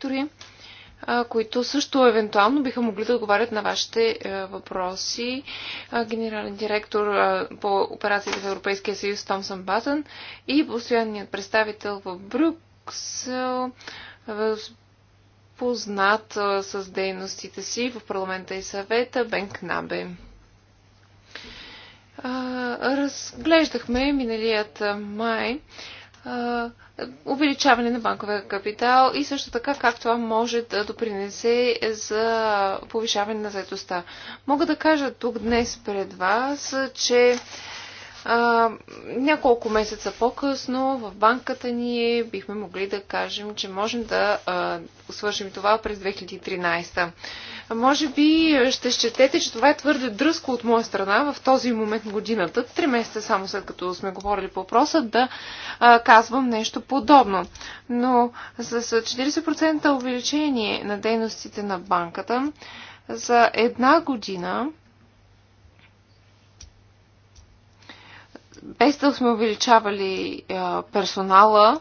Дори, които също евентуално биха могли да отговарят на вашите е, въпроси. Генерален директор по операциите в Европейския съюз Томсън Батън и постоянният представител в Брюксел, е, познат е, с дейностите си в парламента и съвета Бенк Набе. Разглеждахме миналият май увеличаване на банковия капитал и също така как това може да допринесе за повишаване на заедостта. Мога да кажа тук днес пред вас, че а, няколко месеца по-късно в банката ни бихме могли да кажем, че можем да а, свършим това през 2013. А, може би ще счетете, че това е твърде дръско от моя страна в този момент на годината, три месеца само след като сме говорили по въпроса, да а, казвам нещо подобно. Но с 40% увеличение на дейностите на банката за една година без да сме увеличавали персонала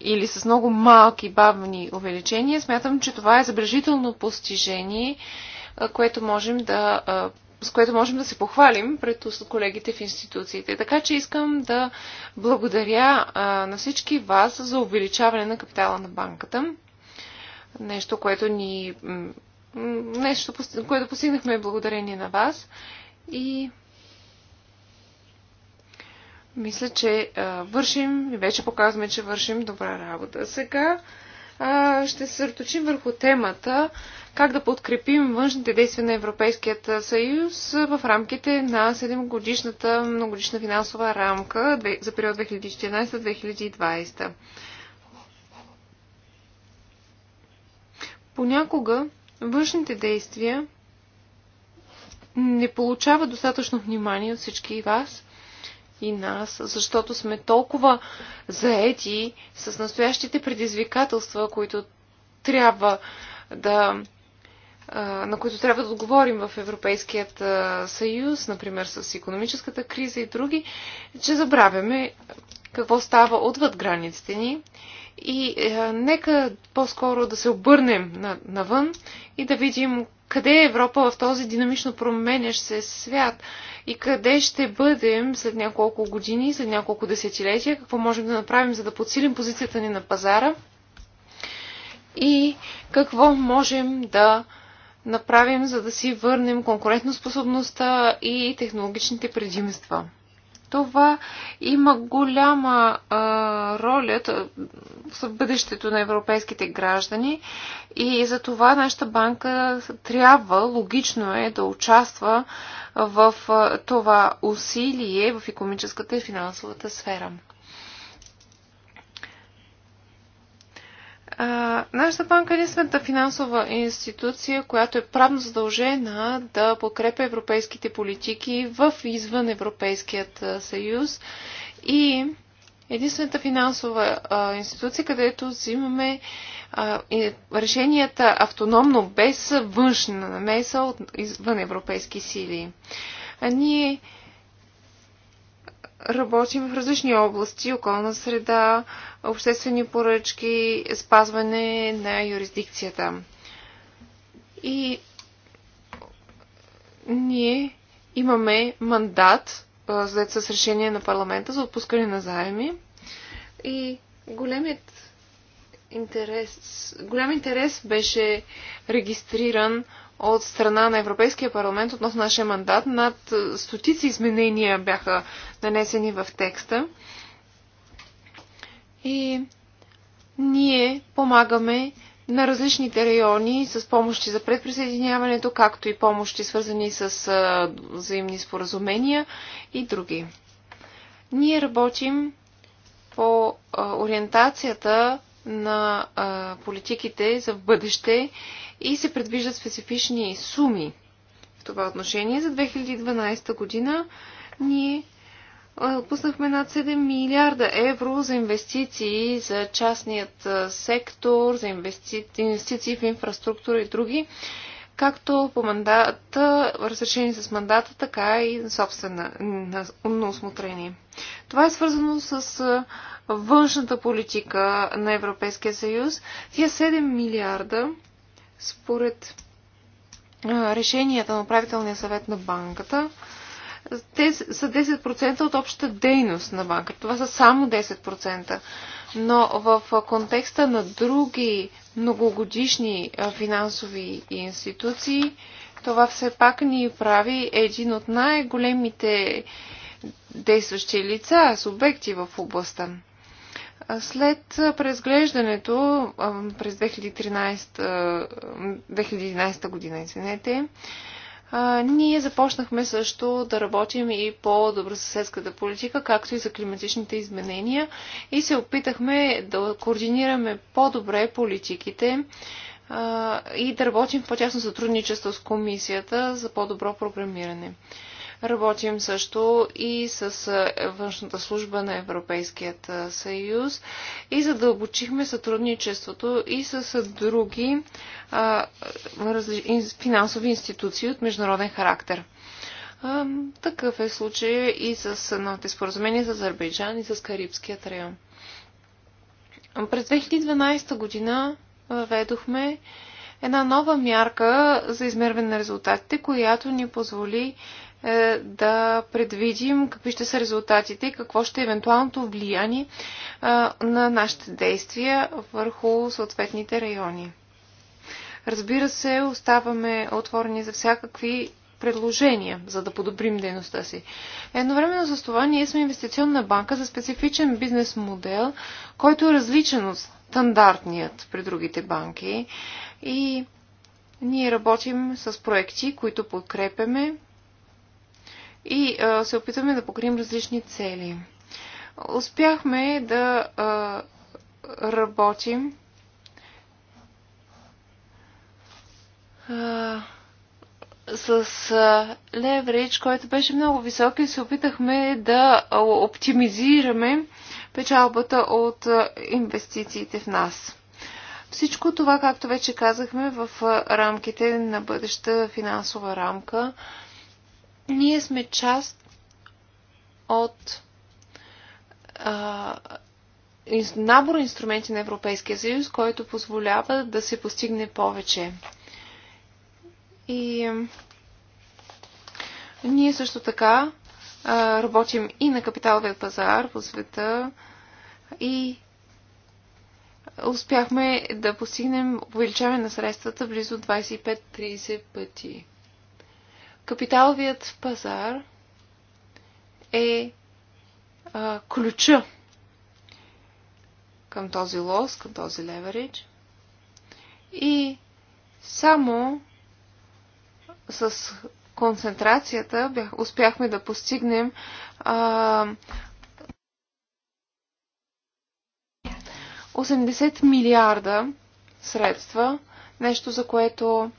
или с много малки бавни увеличения, смятам, че това е забележително постижение, което можем да, с което можем да се похвалим пред колегите в институциите. Така че искам да благодаря на всички вас за увеличаване на капитала на банката. Нещо, което ни. Нещо, което постигнахме благодарение на вас. И мисля, че а, вършим и вече показваме, че вършим добра работа. Сега а, ще се съсредоточим върху темата как да подкрепим външните действия на Европейският съюз в рамките на 7-годишната многодишна финансова рамка за период 2014-2020. Понякога външните действия не получават достатъчно внимание от всички вас – и нас, защото сме толкова заети с настоящите предизвикателства, които трябва да на които трябва да отговорим в Европейският съюз, например с економическата криза и други, че забравяме какво става отвъд границите ни и нека по-скоро да се обърнем навън и да видим къде е Европа в този динамично променящ се свят и къде ще бъдем след няколко години, след няколко десетилетия, какво можем да направим, за да подсилим позицията ни на пазара и какво можем да направим, за да си върнем конкурентоспособността и технологичните предимства това има голяма а, роля в бъдещето на европейските граждани и за това нашата банка трябва, логично е, да участва в а, това усилие в економическата и финансовата сфера. А, нашата банка е единствената финансова институция, която е правно задължена да подкрепя европейските политики в извън Европейският съюз и единствената финансова а, институция, където взимаме а, и, решенията автономно, без външна намеса от извън европейски сили. А ние работим в различни области околна среда, обществени поръчки, спазване на юрисдикцията. И ние имаме мандат, след с решение на парламента за отпускане на заеми. И големият интерес, голям интерес беше регистриран от страна на Европейския парламент относно нашия мандат. Над стотици изменения бяха нанесени в текста. И ние помагаме на различните райони с помощи за предприсъединяването, както и помощи свързани с взаимни споразумения и други. Ние работим по ориентацията на политиките за бъдеще бъдеще и се предвиждат специфични суми в това отношение. За 2012 година ние отпуснахме над 7 милиарда евро за инвестиции за частният сектор, за инвестиции в инфраструктура и други, както по мандата, разрешени с мандата, така и собствена на, на осмотрение. Това е свързано с външната политика на Европейския съюз. Тия 7 милиарда според решенията на управителния съвет на банката, те са 10% от общата дейност на банката. Това са само 10%. Но в контекста на други многогодишни финансови институции, това все пак ни прави един от най-големите действащи лица, субекти в областта. След преразглеждането през 2013, 2011 година, извинете, ние започнахме също да работим и по добросъседската политика, както и за климатичните изменения и се опитахме да координираме по-добре политиките и да работим в по-тясно сътрудничество с комисията за по-добро програмиране. Работим също и с външната служба на Европейският съюз и задълбочихме сътрудничеството и с други финансови институции от международен характер. такъв е случай и с новите споразумения с Азербайджан и с Карибският район. През 2012 година ведохме една нова мярка за измерване на резултатите, която ни позволи е, да предвидим какви ще са резултатите и какво ще е евентуалното влияние е, на нашите действия върху съответните райони. Разбира се, оставаме отворени за всякакви предложения, за да подобрим дейността си. Едновременно с това ние сме инвестиционна банка за специфичен бизнес модел, който е различен от стандартният при другите банки. И ние работим с проекти, които подкрепяме и а, се опитваме да покрием различни цели. Успяхме да а, работим а, с а, леврич, който беше много висок и се опитахме да оптимизираме печалбата от а, инвестициите в нас. Всичко това, както вече казахме, в рамките на бъдеща финансова рамка, ние сме част от а, набор инструменти на Европейския съюз, който позволява да се постигне повече. И ние също така а, работим и на капиталовия пазар по света и успяхме да постигнем увеличаване на средствата близо 25-30 пъти. Капиталовият пазар е а, ключа към този лос, към този леверидж. И само с концентрацията бях, успяхме да постигнем а, 80 милиарда средства, нещо за което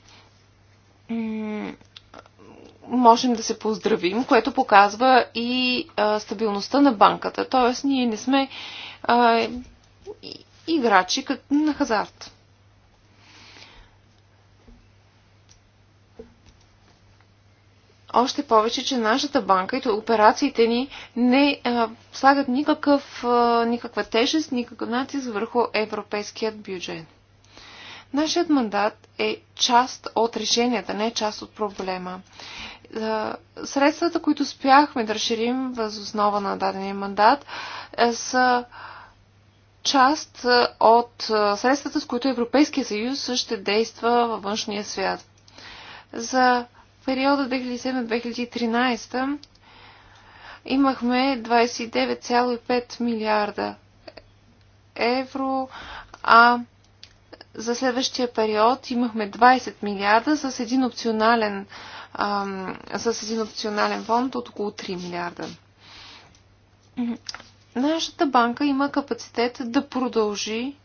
можем да се поздравим, което показва и а, стабилността на банката. Тоест, ние не сме а, играчи на хазарт. Още повече, че нашата банка и операциите ни не а, слагат никакъв, а, никаква тежест, никакъв натиск върху европейският бюджет. Нашият мандат е част от решенията, не е част от проблема. Е, средствата, които спяхме да разширим въз основа на дадения мандат, е, са част е, от средствата, с които Европейския съюз ще действа във външния свят. За периода 2007-2013 имахме 29,5 милиарда евро, а за следващия период имахме 20 милиарда с един опционален, а, с един опционален фонд от около 3 милиарда. Нашата банка има капацитет да продължи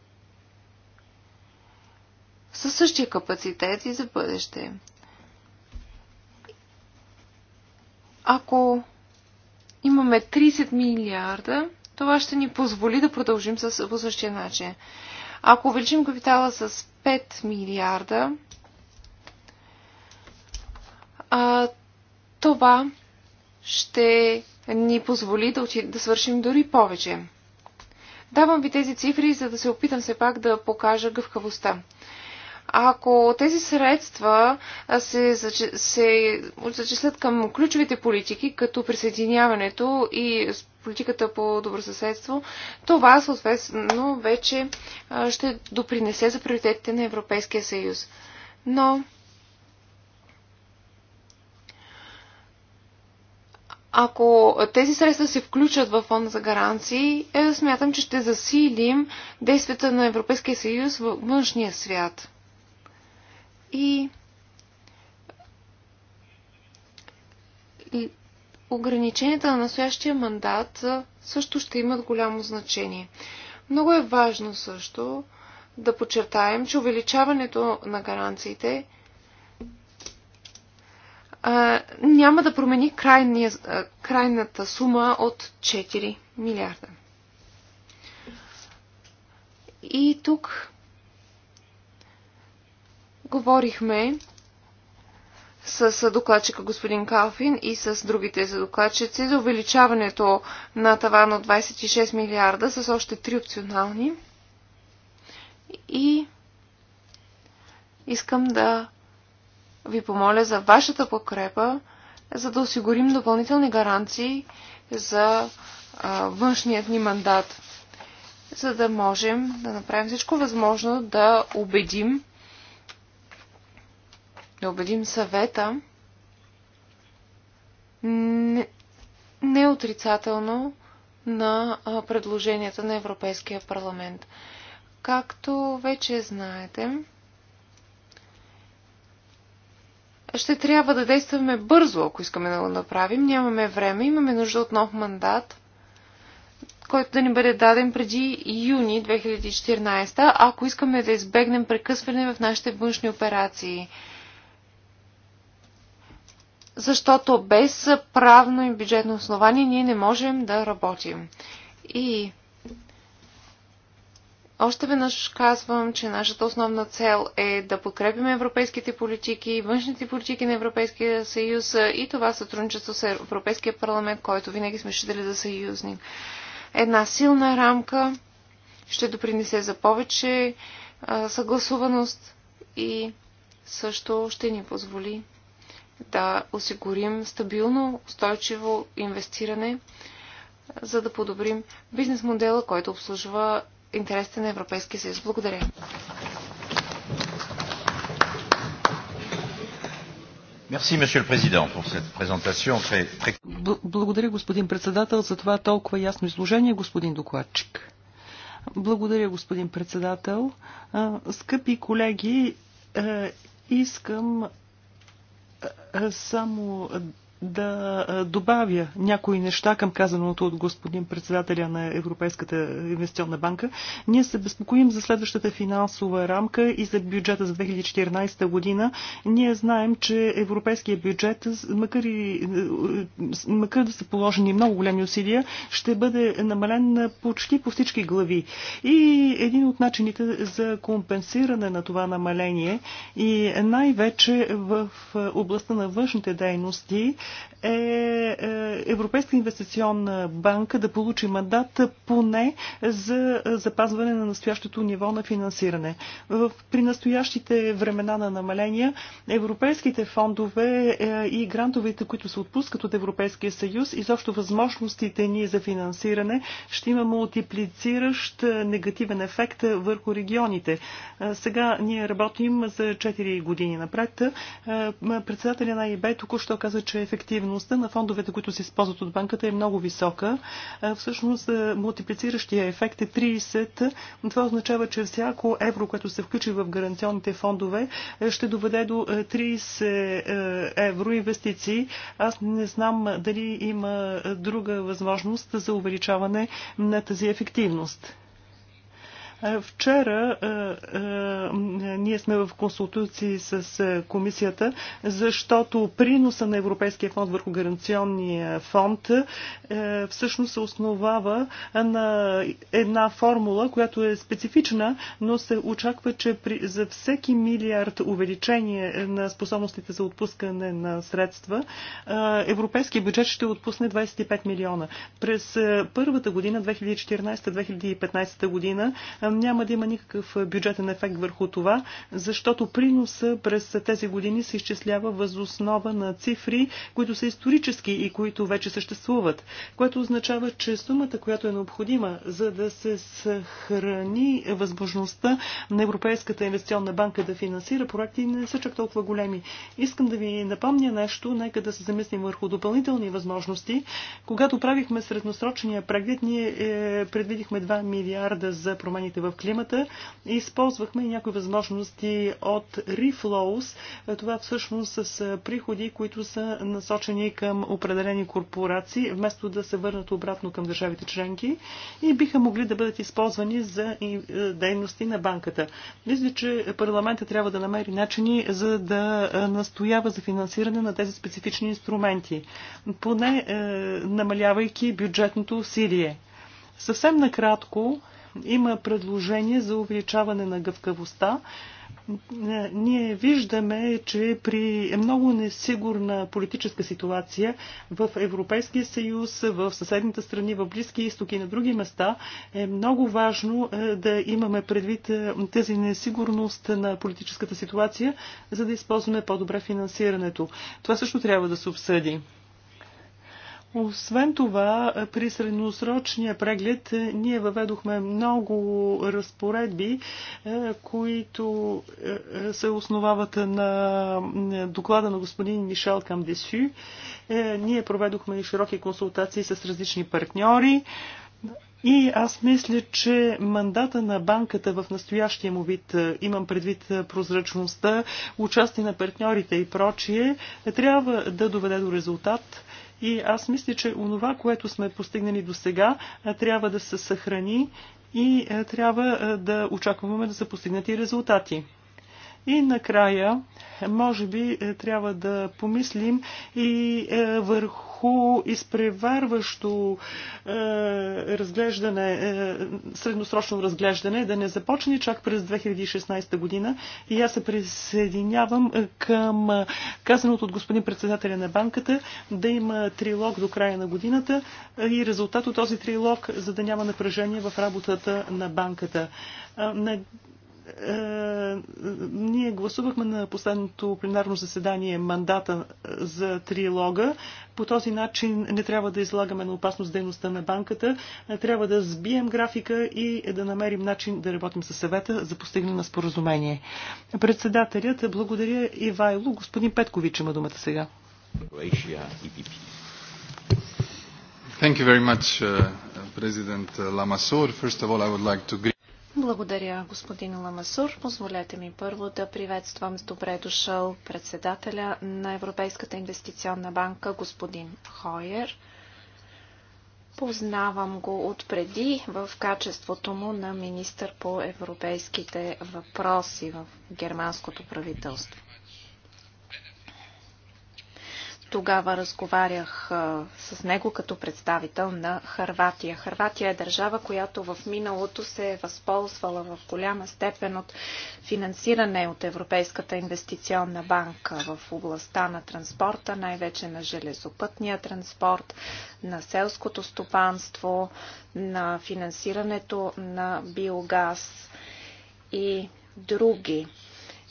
със същия капацитет и за бъдеще. Ако имаме 30 милиарда, това ще ни позволи да продължим с, по същия начин. Ако увеличим капитала с 5 милиарда, а, това ще ни позволи да, учи, да свършим дори повече. Давам ви тези цифри, за да се опитам все пак да покажа гъвкавостта. Ако тези средства се, се зачислят към ключовите политики, като присъединяването и политиката по добросъседство, това съответно вече ще допринесе за приоритетите на Европейския съюз. Но ако тези средства се включат в фонда за гаранции, е, смятам, че ще засилим действията на Европейския съюз в външния свят. И ограниченията на настоящия мандат също ще имат голямо значение. Много е важно също да подчертаем, че увеличаването на гаранциите а, няма да промени крайния, а, крайната сума от 4 милиарда. И тук говорихме с докладчика господин Калфин и с другите докладчици за увеличаването на таван от 26 милиарда с още три опционални. И искам да ви помоля за вашата подкрепа, за да осигурим допълнителни гаранции за а, външният ни мандат, за да можем да направим всичко възможно да убедим да убедим съвета неотрицателно не на предложенията на Европейския парламент. Както вече знаете, ще трябва да действаме бързо, ако искаме да го направим. Нямаме време, имаме нужда от нов мандат, който да ни бъде даден преди юни 2014, ако искаме да избегнем прекъсване в нашите външни операции – защото без правно и бюджетно основание ние не можем да работим. И още веднъж казвам, че нашата основна цел е да подкрепим европейските политики, външните политики на Европейския съюз и това сътрудничество с Европейския парламент, който винаги сме считали за съюзник. Една силна рамка ще допринесе за повече съгласуваност и също ще ни позволи да осигурим стабилно, устойчиво инвестиране, за да подобрим бизнес модела, който обслужва интересите на Европейския съюз. Благодаря. Благодаря, господин председател, за това толкова ясно изложение, господин докладчик. Благодаря, господин председател. Скъпи колеги, искам само да добавя някои неща към казаното от господин председателя на Европейската инвестиционна банка. Ние се безпокоим за следващата финансова рамка и за бюджета за 2014 година. Ние знаем, че европейския бюджет, макар, и, е, макар да са положени много големи усилия, ще бъде намален почти по всички глави. И един от начините за компенсиране на това намаление и най-вече в областта на външните дейности, е, е Европейска инвестиционна банка да получи мандат поне за запазване на настоящото ниво на финансиране. При настоящите времена на намаления европейските фондове е, и грантовете, които се отпускат от Европейския съюз, изобщо възможностите ни за финансиране ще има мултиплициращ е, негативен ефект върху регионите. Сега ние работим за 4 години напред. Председателя на ИБ току-що каза, че ефективно ефективността на фондовете, които се използват от банката е много висока. Всъщност мултиплициращия ефект е 30. Това означава, че всяко евро, което се включи в гаранционните фондове, ще доведе до 30 евро инвестиции. Аз не знам дали има друга възможност за увеличаване на тази ефективност. Вчера ние сме в консултации с комисията, защото приноса на Европейския фонд върху гаранционния фонд всъщност се основава на една формула, която е специфична, но се очаква, че при, за всеки милиард увеличение на способностите за отпускане на средства, европейския бюджет ще отпусне 25 милиона. През първата година, 2014-2015 година, няма да има никакъв бюджетен ефект върху това, защото приноса през тези години се изчислява възоснова на цифри, които са исторически и които вече съществуват, което означава, че сумата, която е необходима, за да се съхрани възможността на Европейската инвестиционна банка да финансира проекти, не са чак толкова големи. Искам да ви напомня нещо, нека да се замислим върху допълнителни възможности. Когато правихме средносрочния преглед, ние е, предвидихме 2 милиарда за промените промените в климата. Използвахме и някои възможности от Reflows. Това всъщност с приходи, които са насочени към определени корпорации, вместо да се върнат обратно към държавите членки и биха могли да бъдат използвани за дейности на банката. Мисля, че парламента трябва да намери начини за да настоява за финансиране на тези специфични инструменти, поне е, намалявайки бюджетното усилие. Съвсем накратко, има предложение за увеличаване на гъвкавостта. Е, ние виждаме, че при много несигурна политическа ситуация в Европейския съюз, в съседните страни, в Близки изтоки и на други места е много важно е, да имаме предвид е, тази несигурност на политическата ситуация, за да използваме по-добре финансирането. Това също трябва да се обсъди. Освен това, при средносрочния преглед е, ние въведохме много разпоредби, е, които е, се основават на доклада на господин Мишел Камдесю. Ние проведохме широки консултации с различни партньори. И аз мисля, че мандата на банката в настоящия му вид, имам предвид прозрачността, участие на партньорите и прочие, трябва да доведе до резултат и аз мисля, че онова, което сме постигнали до сега, трябва да се съхрани и трябва да очакваме да са постигнати резултати. И накрая, може би, е, трябва да помислим и е, върху изпреварващо е, разглеждане, средносрочно разглеждане, да не започне чак през 2016 година. И аз се присъединявам към казаното от господин председателя на банката да има трилог до края на годината и резултат от този трилог, за да няма напрежение в работата на банката. Е, ние гласувахме на последното пленарно заседание мандата за трилога. По този начин не трябва да излагаме на опасност дейността на банката. Трябва да сбием графика и да намерим начин да работим със съвета за постигане на споразумение. Председателят, благодаря и Вайло. Господин Петкович има думата сега. E Thank you very much, uh, President Lamassur. First of all, I would like to благодаря, господин Ламасур. Позволете ми първо да приветствам с добре дошъл председателя на Европейската инвестиционна банка, господин Хойер. Познавам го отпреди в качеството му на министър по европейските въпроси в германското правителство. Тогава разговарях с него като представител на Харватия. Харватия е държава, която в миналото се е възползвала в голяма степен от финансиране от Европейската инвестиционна банка в областта на транспорта, най-вече на железопътния транспорт, на селското стопанство, на финансирането на биогаз и други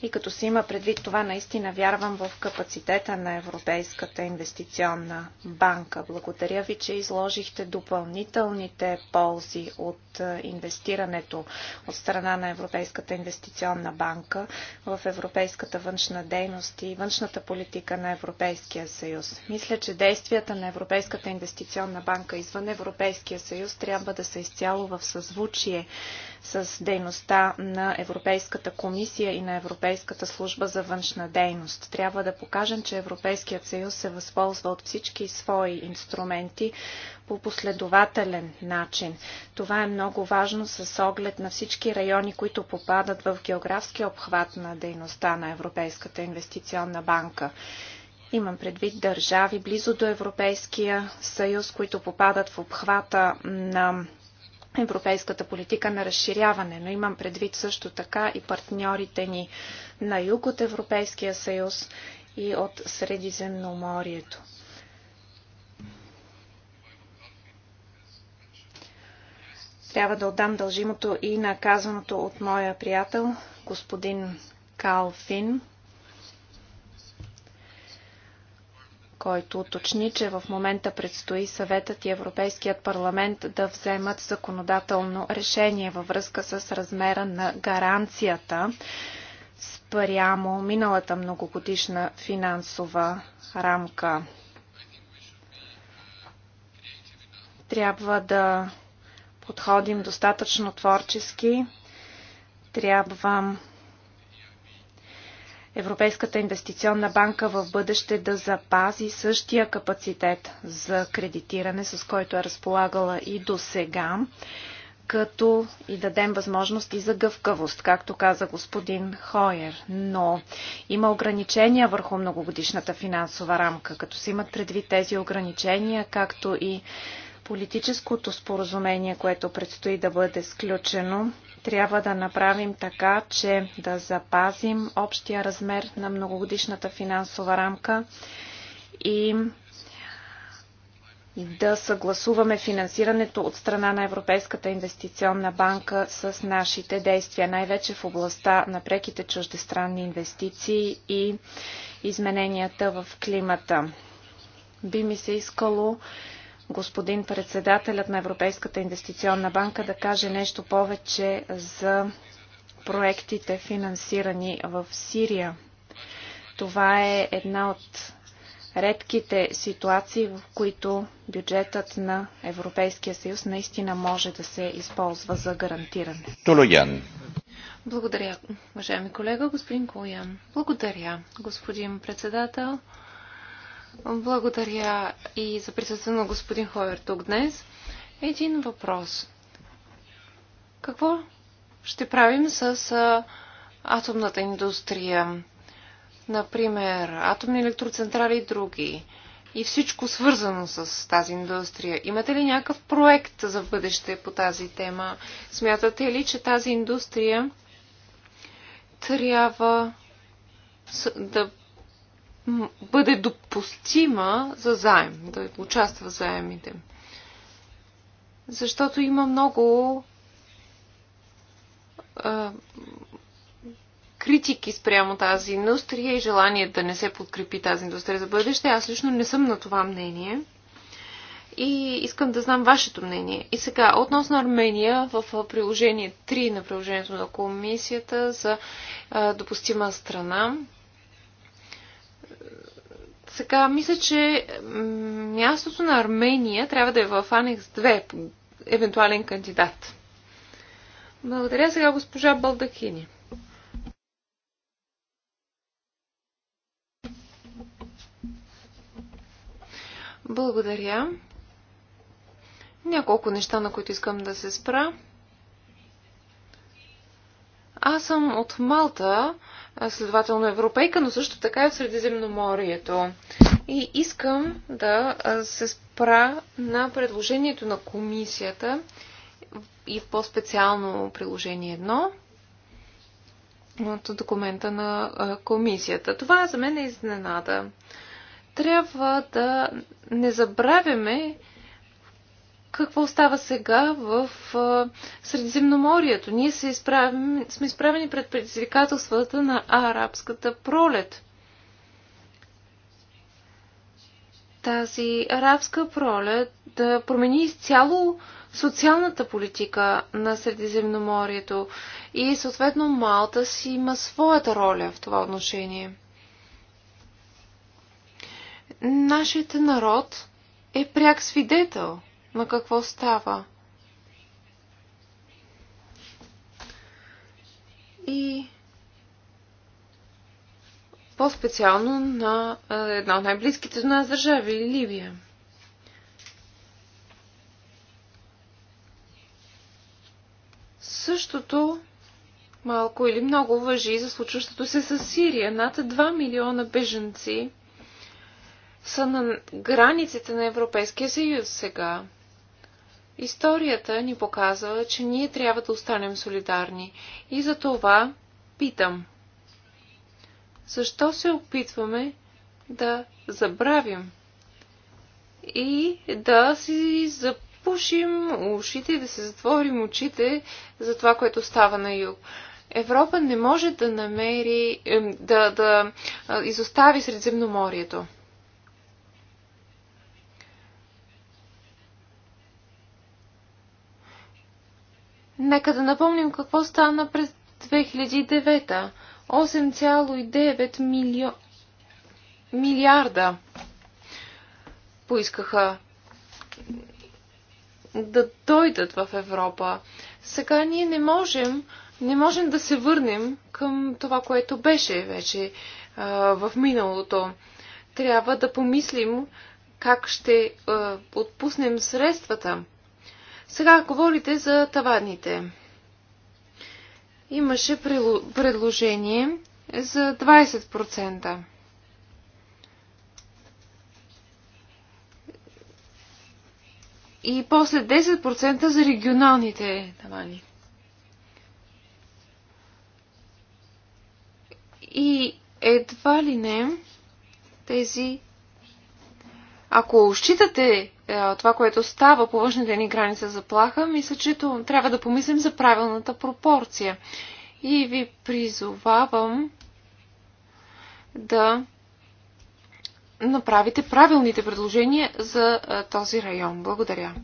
и като се има предвид това, наистина вярвам в капацитета на Европейската инвестиционна банка. Благодаря ви, че изложихте допълнителните ползи от е, инвестирането от страна на Европейската инвестиционна банка в европейската външна дейност и външната политика на Европейския съюз. Мисля, че действията на Европейската инвестиционна банка извън Европейския съюз трябва да са изцяло в съзвучие с дейността на Европейската комисия и на Европейската служба за външна дейност. Трябва да покажем, че Европейският съюз се възползва от всички свои инструменти по последователен начин. Това е много важно с оглед на всички райони, които попадат в географски обхват на дейността на Европейската инвестиционна банка. Имам предвид държави близо до Европейския съюз, които попадат в обхвата на европейската политика на разширяване, но имам предвид също така и партньорите ни на юг от Европейския съюз и от Средиземноморието. Трябва да отдам дължимото и наказаното от моя приятел, господин Калфин. който уточни, че в момента предстои съветът и Европейският парламент да вземат законодателно решение във връзка с размера на гаранцията спрямо миналата многогодишна финансова рамка. Трябва да подходим достатъчно творчески. Трябва Европейската инвестиционна банка в бъдеще да запази същия капацитет за кредитиране, с който е разполагала и до сега, като и дадем възможност и за гъвкавост, както каза господин Хойер. Но има ограничения върху многогодишната финансова рамка, като се имат предвид тези ограничения, както и политическото споразумение, което предстои да бъде сключено, трябва да направим така, че да запазим общия размер на многогодишната финансова рамка и да съгласуваме финансирането от страна на Европейската инвестиционна банка с нашите действия, най-вече в областта на преките чуждестранни инвестиции и измененията в климата. Би ми се искало господин председателят на Европейската инвестиционна банка да каже нещо повече за проектите финансирани в Сирия. Това е една от редките ситуации, в които бюджетът на Европейския съюз наистина може да се използва за гарантиране. Толоян. Благодаря, уважаеми колега, господин Колоян. Благодаря, господин председател. Благодаря и за присъствие на господин Ховер тук днес. Един въпрос. Какво ще правим с атомната индустрия? Например, атомни електроцентрали и други. И всичко свързано с тази индустрия. Имате ли някакъв проект за бъдеще по тази тема? Смятате ли, че тази индустрия трябва да бъде допустима за заем, да участва в заемите. Защото има много а, критики спрямо тази индустрия и желание да не се подкрепи тази индустрия за бъдеще. Аз лично не съм на това мнение. И искам да знам вашето мнение. И сега, относно Армения, в приложение 3 на приложението на комисията за допустима страна, сега мисля, че мястото на Армения трябва да е в Анекс 2, евентуален кандидат. Благодаря сега госпожа Балдакини. Благодаря. Няколко неща, на които искам да се спра. Аз съм от Малта, следователно европейка, но също така и от Средиземноморието. И искам да се спра на предложението на комисията и по-специално приложение 1 от документа на комисията. Това за мен е изненада. Трябва да не забравяме, какво става сега в Средиземноморието. Ние се изправим, сме изправени пред предизвикателствата на арабската пролет. Тази арабска пролет да промени изцяло социалната политика на Средиземноморието и съответно Малта си има своята роля в това отношение. Нашият народ е пряк свидетел – но какво става? И по-специално на една от най-близките до нас държави Ливия. Същото малко или много въжи за случващото се с Сирия. Над 2 милиона беженци са на границите на Европейския съюз сега. Историята ни показва, че ние трябва да останем солидарни. И за това питам. Защо се опитваме да забравим и да си запушим ушите и да се затворим очите за това, което става на юг? Европа не може да намери, да, да изостави Средиземноморието. Нека да напомним какво стана през 2009. 8,9 милио... милиарда поискаха да дойдат в Европа. Сега ние не можем, не можем да се върнем към това, което беше вече а, в миналото. Трябва да помислим как ще а, отпуснем средствата. Сега говорите за таваните. Имаше предложение за 20%. И после 10% за регионалните тавани. И едва ли не тези ако считате е, това, което става по външните ни граница заплаха, мисля, че трябва да помислим за правилната пропорция. И ви призовавам да направите правилните предложения за е, този район. Благодаря.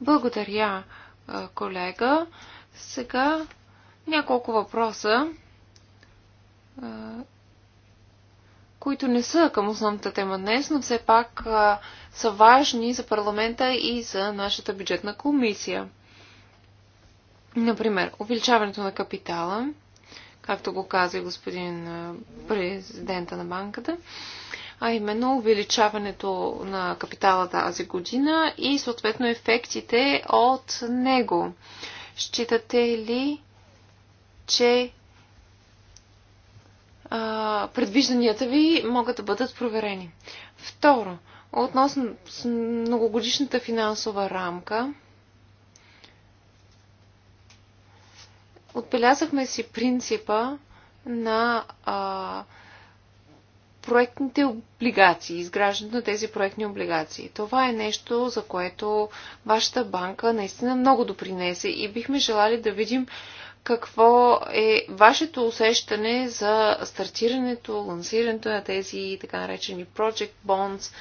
Благодаря, е, колега. Сега няколко въпроса които не са към основната тема днес, но все пак а, са важни за парламента и за нашата бюджетна комисия. Например, увеличаването на капитала, както го каза и господин президента на банката, а именно увеличаването на капитала тази година и съответно ефектите от него. Считате ли, че предвижданията ви могат да бъдат проверени. Второ, относно многогодишната финансова рамка, отбелязахме си принципа на а, проектните облигации, изграждането на тези проектни облигации. Това е нещо, за което вашата банка наистина много допринесе и бихме желали да видим какво е вашето усещане за стартирането, лансирането на тези така наречени Project Bonds,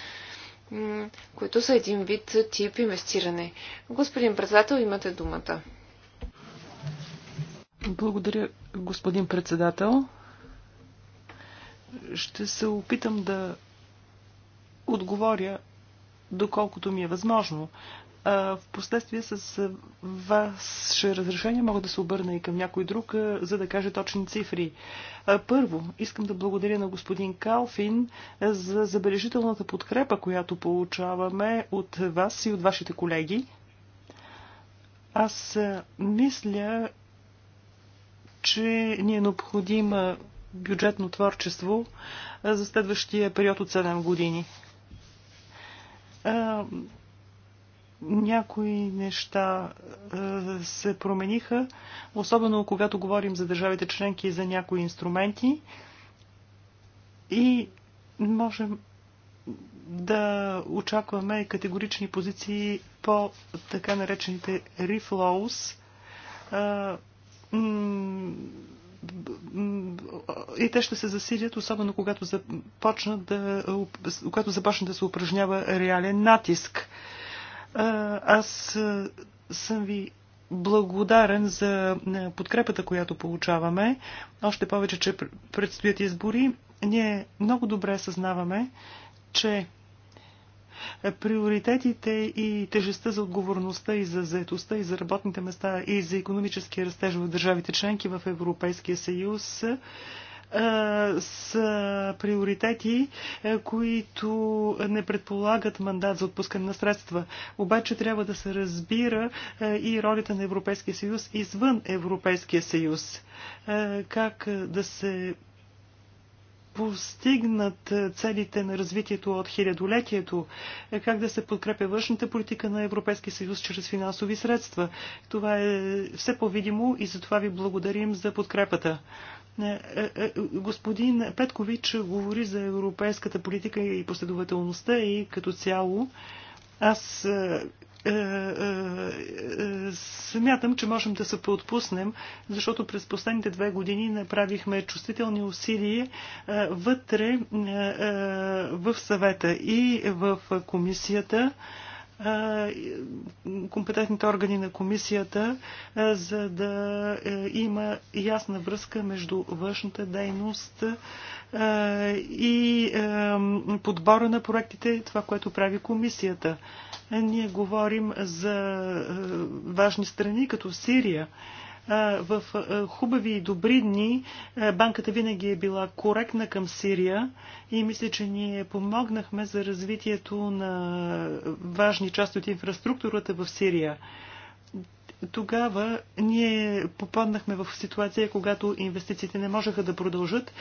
които са един вид тип инвестиране. Господин председател, имате думата. Благодаря, господин председател. Ще се опитам да отговоря доколкото ми е възможно, в последствие с ваше разрешение мога да се обърна и към някой друг, за да каже точни цифри. Първо, искам да благодаря на господин Калфин за забележителната подкрепа, която получаваме от вас и от вашите колеги. Аз мисля, че ни е необходимо бюджетно творчество за следващия период от 7 години някои неща е, се промениха, особено когато говорим за държавите членки и за някои инструменти. И можем да очакваме категорични позиции по така наречените reflows. Е, и те ще се засилят, особено когато започнат да, когато да се упражнява реален натиск. Аз съм ви благодарен за подкрепата, която получаваме. Още повече, че предстоят избори. Ние много добре съзнаваме, че приоритетите и тежестта за отговорността и за заетостта и за работните места и за економическия растеж в държавите членки в Европейския съюз е, са приоритети, е, които не предполагат мандат за отпускане на средства. Обаче трябва да се разбира е, и ролята на Европейския съюз извън Европейския съюз. Как да се постигнат целите на развитието от хилядолетието, как да се подкрепя външната политика на Европейския съюз чрез финансови средства. Това е все по-видимо и за това ви благодарим за подкрепата. Е, е, е, господин Петкович говори за европейската политика и последователността и като цяло. Аз смятам, че можем да се поотпуснем, защото през последните две години направихме чувствителни усилия вътре в съвета и в комисията компетентните органи на комисията, за да е, има ясна връзка между външната дейност и е, подбора на проектите, това, което прави комисията. Ние говорим за е, важни страни, като Сирия. В хубави и добри дни банката винаги е била коректна към Сирия и мисля, че ние помогнахме за развитието на важни части от инфраструктурата в Сирия тогава ние попаднахме в ситуация, когато инвестициите не можеха да продължат.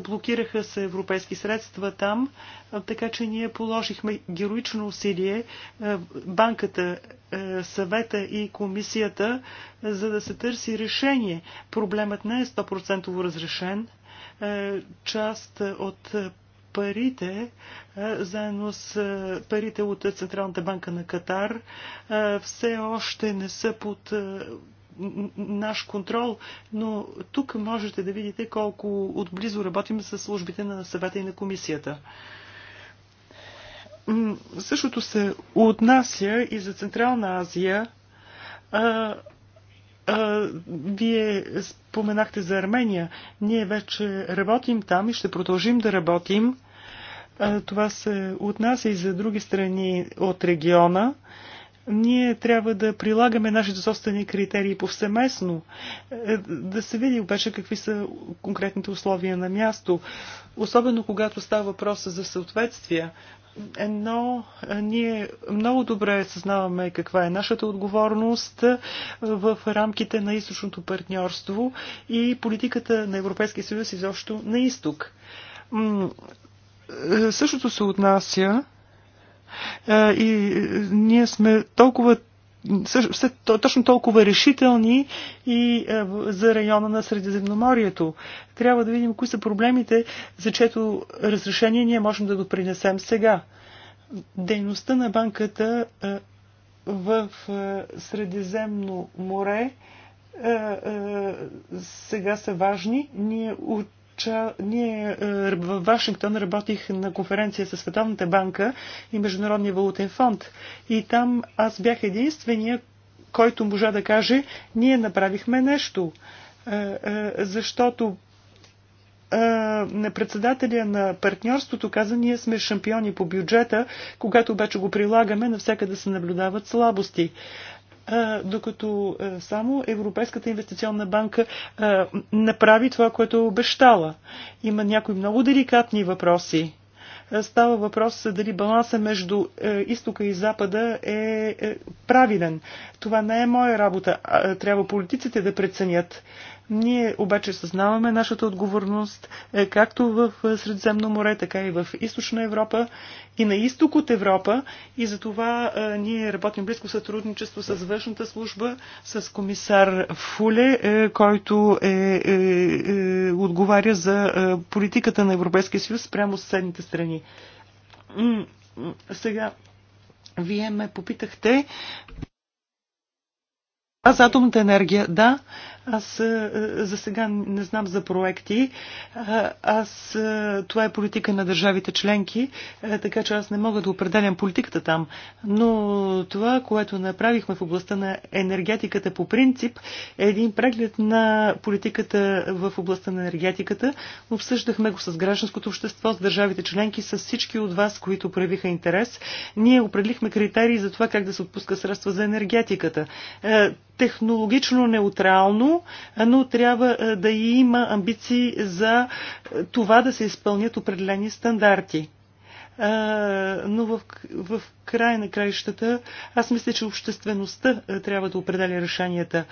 Блокираха се европейски средства там, така че ние положихме героично усилие е, банката, е, съвета и комисията, за да се търси решение. Проблемът не е 100% разрешен. Е, част от парите, заедно с парите от Централната банка на Катар, все още не са под наш контрол, но тук можете да видите колко отблизо работим с службите на съвета и на комисията. Същото се отнася и за Централна Азия. А, а, вие споменахте за Армения. Ние вече работим там и ще продължим да работим това се отнася и за други страни от региона ние трябва да прилагаме нашите собствени критерии повсеместно, е, да се види обаче какви са конкретните условия на място, особено когато става въпрос за съответствия. Но е, ние много добре съзнаваме каква е нашата отговорност е, в рамките на източното партньорство и политиката на Европейския съюз изобщо на изток е, същото се отнася е, и е, ние сме толкова точно толкова решителни и за района на Средиземноморието. Трябва да видим кои са проблемите, за чето разрешение ние можем да допринесем сега. Дейността на банката в Средиземно море сега са важни. Ние уча... ние е, в Вашингтон работих на конференция със Световната банка и Международния валутен фонд. И там аз бях единствения, който можа да каже, ние направихме нещо. Е, е, защото на председателя на партньорството каза, ние сме шампиони по бюджета, когато обаче го прилагаме, навсякъде се наблюдават слабости докато само Европейската инвестиционна банка направи това, което е обещала. Има някои много деликатни въпроси. Става въпрос дали баланса между е, изтока и запада е, е правилен. Това не е моя работа. Трябва политиците да преценят. Ние обаче съзнаваме нашата отговорност е, както в е, Средиземно море, така и в Източна Европа и на изток от Европа и за това е, ние работим близко сътрудничество с външната служба, с комисар Фуле, който е, е, е, отговаря за политиката на Европейския съюз прямо с съседните страни. Сега, вие ме попитахте аз атомната енергия, да, аз е, е, за сега не знам за проекти. Е, аз, това е политика на държавите членки, така че аз не мога да определям политиката там. Но това, което направихме в областта на енергетиката по принцип, е един преглед на политиката в областта на енергетиката. Обсъждахме го с гражданското общество, с държавите членки, с всички от вас, които проявиха интерес. Ние определихме критерии за това как да се отпуска средства за енергетиката. Технологично неутрално, но трябва е, да има амбиции за е, това да се изпълнят определени стандарти е, но в, в края на краищата аз мисля, че обществеността трябва да определя решенията.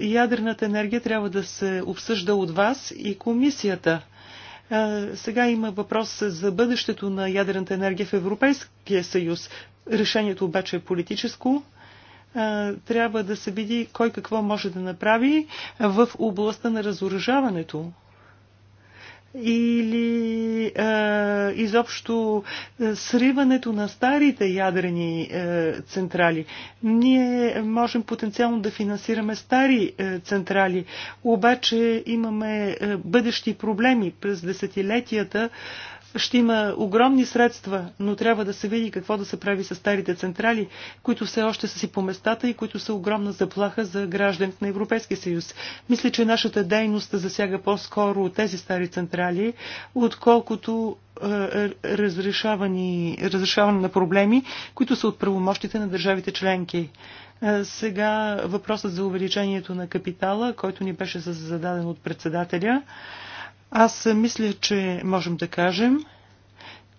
Ядрената енергия трябва да се обсъжда от вас и комисията. Сега има въпрос за бъдещето на ядрената енергия в Европейския съюз. Решението обаче е политическо трябва да се види кой какво може да направи в областта на разоръжаването или е, изобщо е, сриването на старите ядрени е, централи. Ние можем потенциално да финансираме стари е, централи, обаче имаме е, бъдещи проблеми през десетилетията. Е, ще има огромни средства, но трябва да се види какво да се прави с старите централи, които все още са си по местата и които са огромна заплаха за гражданите на Европейския съюз. Мисля, че нашата дейност засяга по-скоро тези стари централи, отколкото е, е, разрешаване на проблеми, които са от правомощите на държавите членки. Е, сега въпросът за увеличението на капитала, който ни беше зададен от председателя. Аз мисля, че можем да кажем,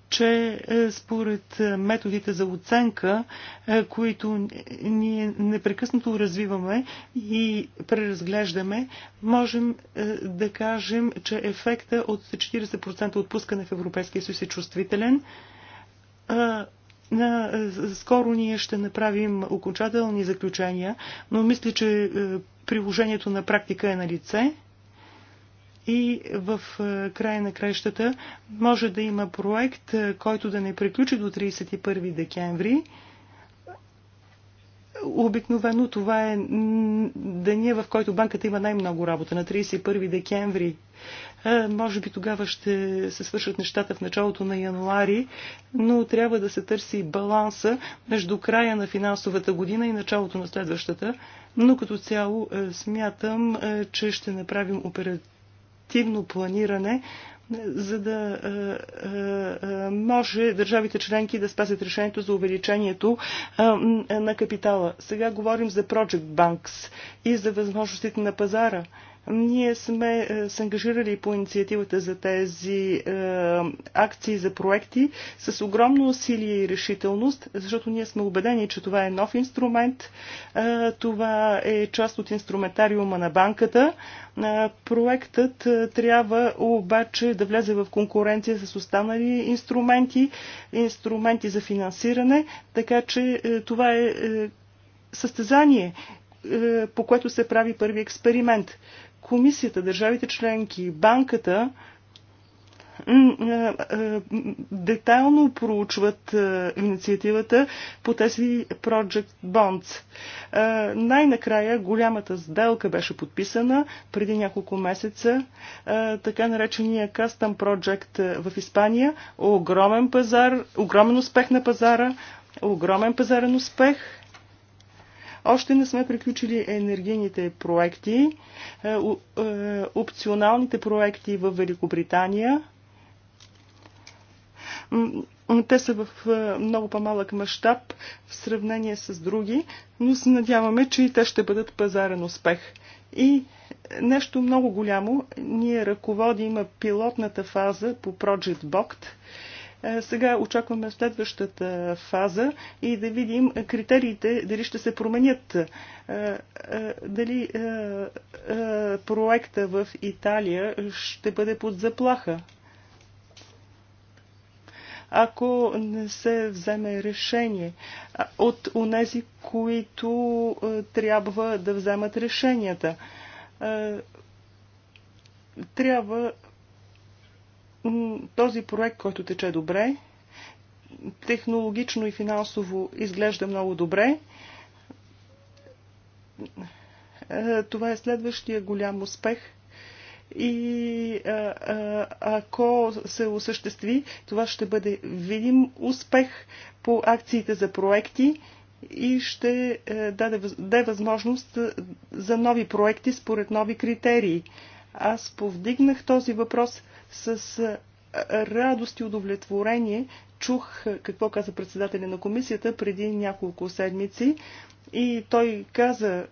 че е, според е, методите за оценка, е, които ние непрекъснато развиваме и преразглеждаме, можем да кажем, че ефекта от 40% отпускане в Европейския съюз е чувствителен. скоро ние ще направим окончателни заключения, но мисля, че приложението на практика е на лице и в е, края на краищата може да има проект, е, който да не приключи до 31 декември. Обикновено това е деня, в който банката има най-много работа, на 31 декември. Е, може би тогава ще се свършат нещата в началото на януари, но трябва да се търси баланса между края на финансовата година и началото на следващата. Но като цяло смятам, че ще направим оперативно активно планиране, за да е, е, е, може държавите членки да спасят решението за увеличението на капитала. Сега говорим за Project Banks и за възможностите на пазара. Ние сме е, се ангажирали по инициативата за тези е, акции за проекти с огромно усилие и решителност, защото ние сме убедени, че това е нов инструмент. Е, това е част от инструментариума на банката. Е, проектът е, трябва обаче да влезе в конкуренция с останали инструменти, инструменти за финансиране, така че е, това е, е състезание по което се прави първи експеримент комисията, държавите членки, банката детайлно проучват е, инициативата по тези Project Bonds. Е, най-накрая голямата сделка беше подписана преди няколко месеца. Е, така наречения Custom Project в Испания. Огромен пазар, огромен успех на пазара, огромен пазарен успех – още не сме приключили енергийните проекти, е, е, опционалните проекти в Великобритания. Те са в е, много по-малък мащаб в сравнение с други, но се надяваме, че и те ще бъдат пазарен успех. И нещо много голямо. Ние ръководим пилотната фаза по Project BOCT е, сега очакваме следващата фаза и да видим критериите, дали ще се променят. Е, е, дали проекта в Италия ще бъде под заплаха. Ако не се вземе решение от онези, които трябва да вземат решенията трябва този проект, който тече добре, технологично и финансово изглежда много добре. Е, това е следващия голям успех – и а, е, а, е, ако се осъществи, това ще бъде видим успех по акциите за проекти и ще а, даде, даде възможност за нови проекти според нови критерии. Аз повдигнах този въпрос с радост и удовлетворение чух какво каза председателя на комисията преди няколко седмици и той каза,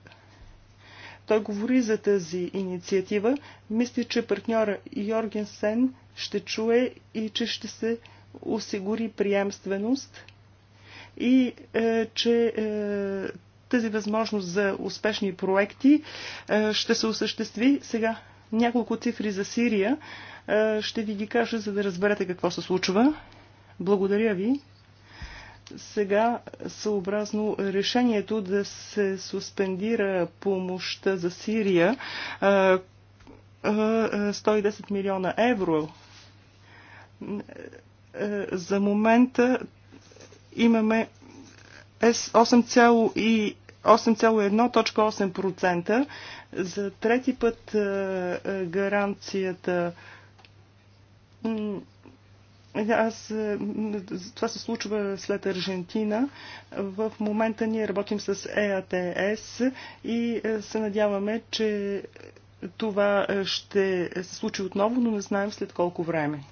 той говори за тази инициатива. Мисли, че партньора Йорген Сен ще чуе и че ще се осигури приемственост и е, че е, тази възможност за успешни проекти е, ще се осъществи. Сега няколко цифри за Сирия. Е, е, ще ви ги кажа, за да разберете какво се случва. Благодаря ви. Сега, съобразно решението да се суспендира помощта за Сирия, 110 е, е, милиона евро. За момента имаме 8,1.8% за трети път гаранцията аз, е, това се случва след Аржентина. В момента ние работим с ЕАТС и е, се надяваме, че това е, ще се случи отново, но не знаем след колко време.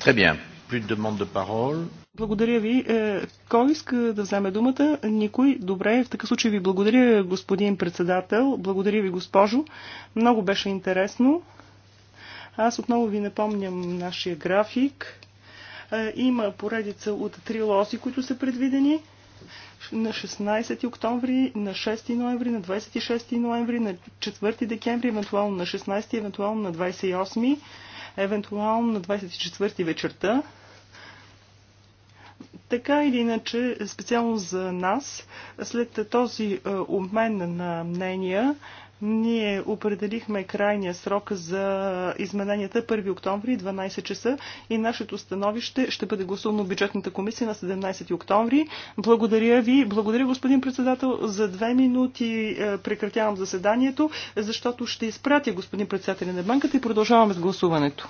Très bien. Plus de de parole. Благодаря ви. Кой иска да вземе думата? Никой. Добре. В такъв случай ви благодаря, господин председател. Благодаря ви, госпожо. Много беше интересно. Аз отново ви напомням нашия график. Е, има поредица от три лоси, които са предвидени на 16 октомври, на 6 ноември, на 26 ноември, на 4 декември, евентуално на 16, евентуално на 28, евентуално на 24 вечерта. Така или иначе, специално за нас, след този е, обмен на мнения, ние определихме крайния срок за измененията 1 октомври 12 часа и нашето становище ще бъде гласувано в бюджетната комисия на 17 октомври. Благодаря ви. Благодаря, господин председател. За две минути е, прекратявам заседанието, защото ще изпратя господин председателя на банката и продължаваме с гласуването.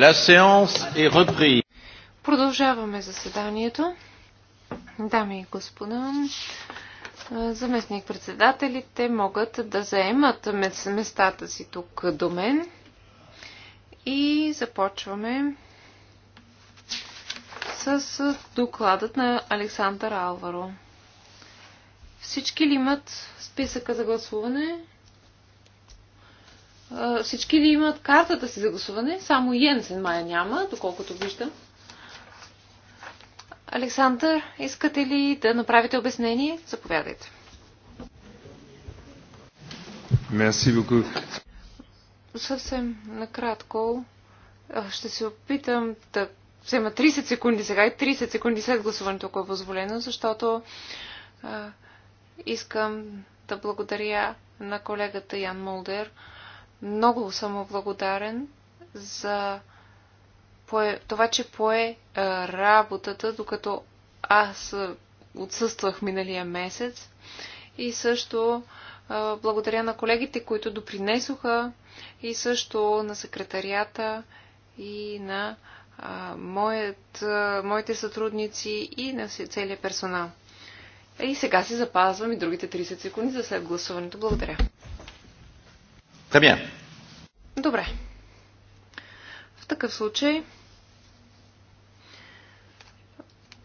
La séance est reprise. Продължаваме заседанието. Дами и господа, заместник-председателите могат да заемат местата си тук до мен. И започваме с докладът на Александър Алваро. Всички ли имат списъка за гласуване? Всички ли имат картата си за гласуване? Само Йенсен май няма, доколкото виждам. Александър, искате ли да направите обяснение? Заповядайте. Мерси Съвсем накратко ще се опитам да взема 30 секунди сега и 30 секунди след гласуването, ако е позволено, защото а, искам да благодаря на колегата Ян Молдер много съм благодарен за това, че пое работата, докато аз отсъствах миналия месец. И също благодаря на колегите, които допринесоха и също на секретарията и на моят, моите сътрудници и на целият персонал. И сега си запазвам и другите 30 секунди за след гласуването. Благодаря. Добре. В такъв случай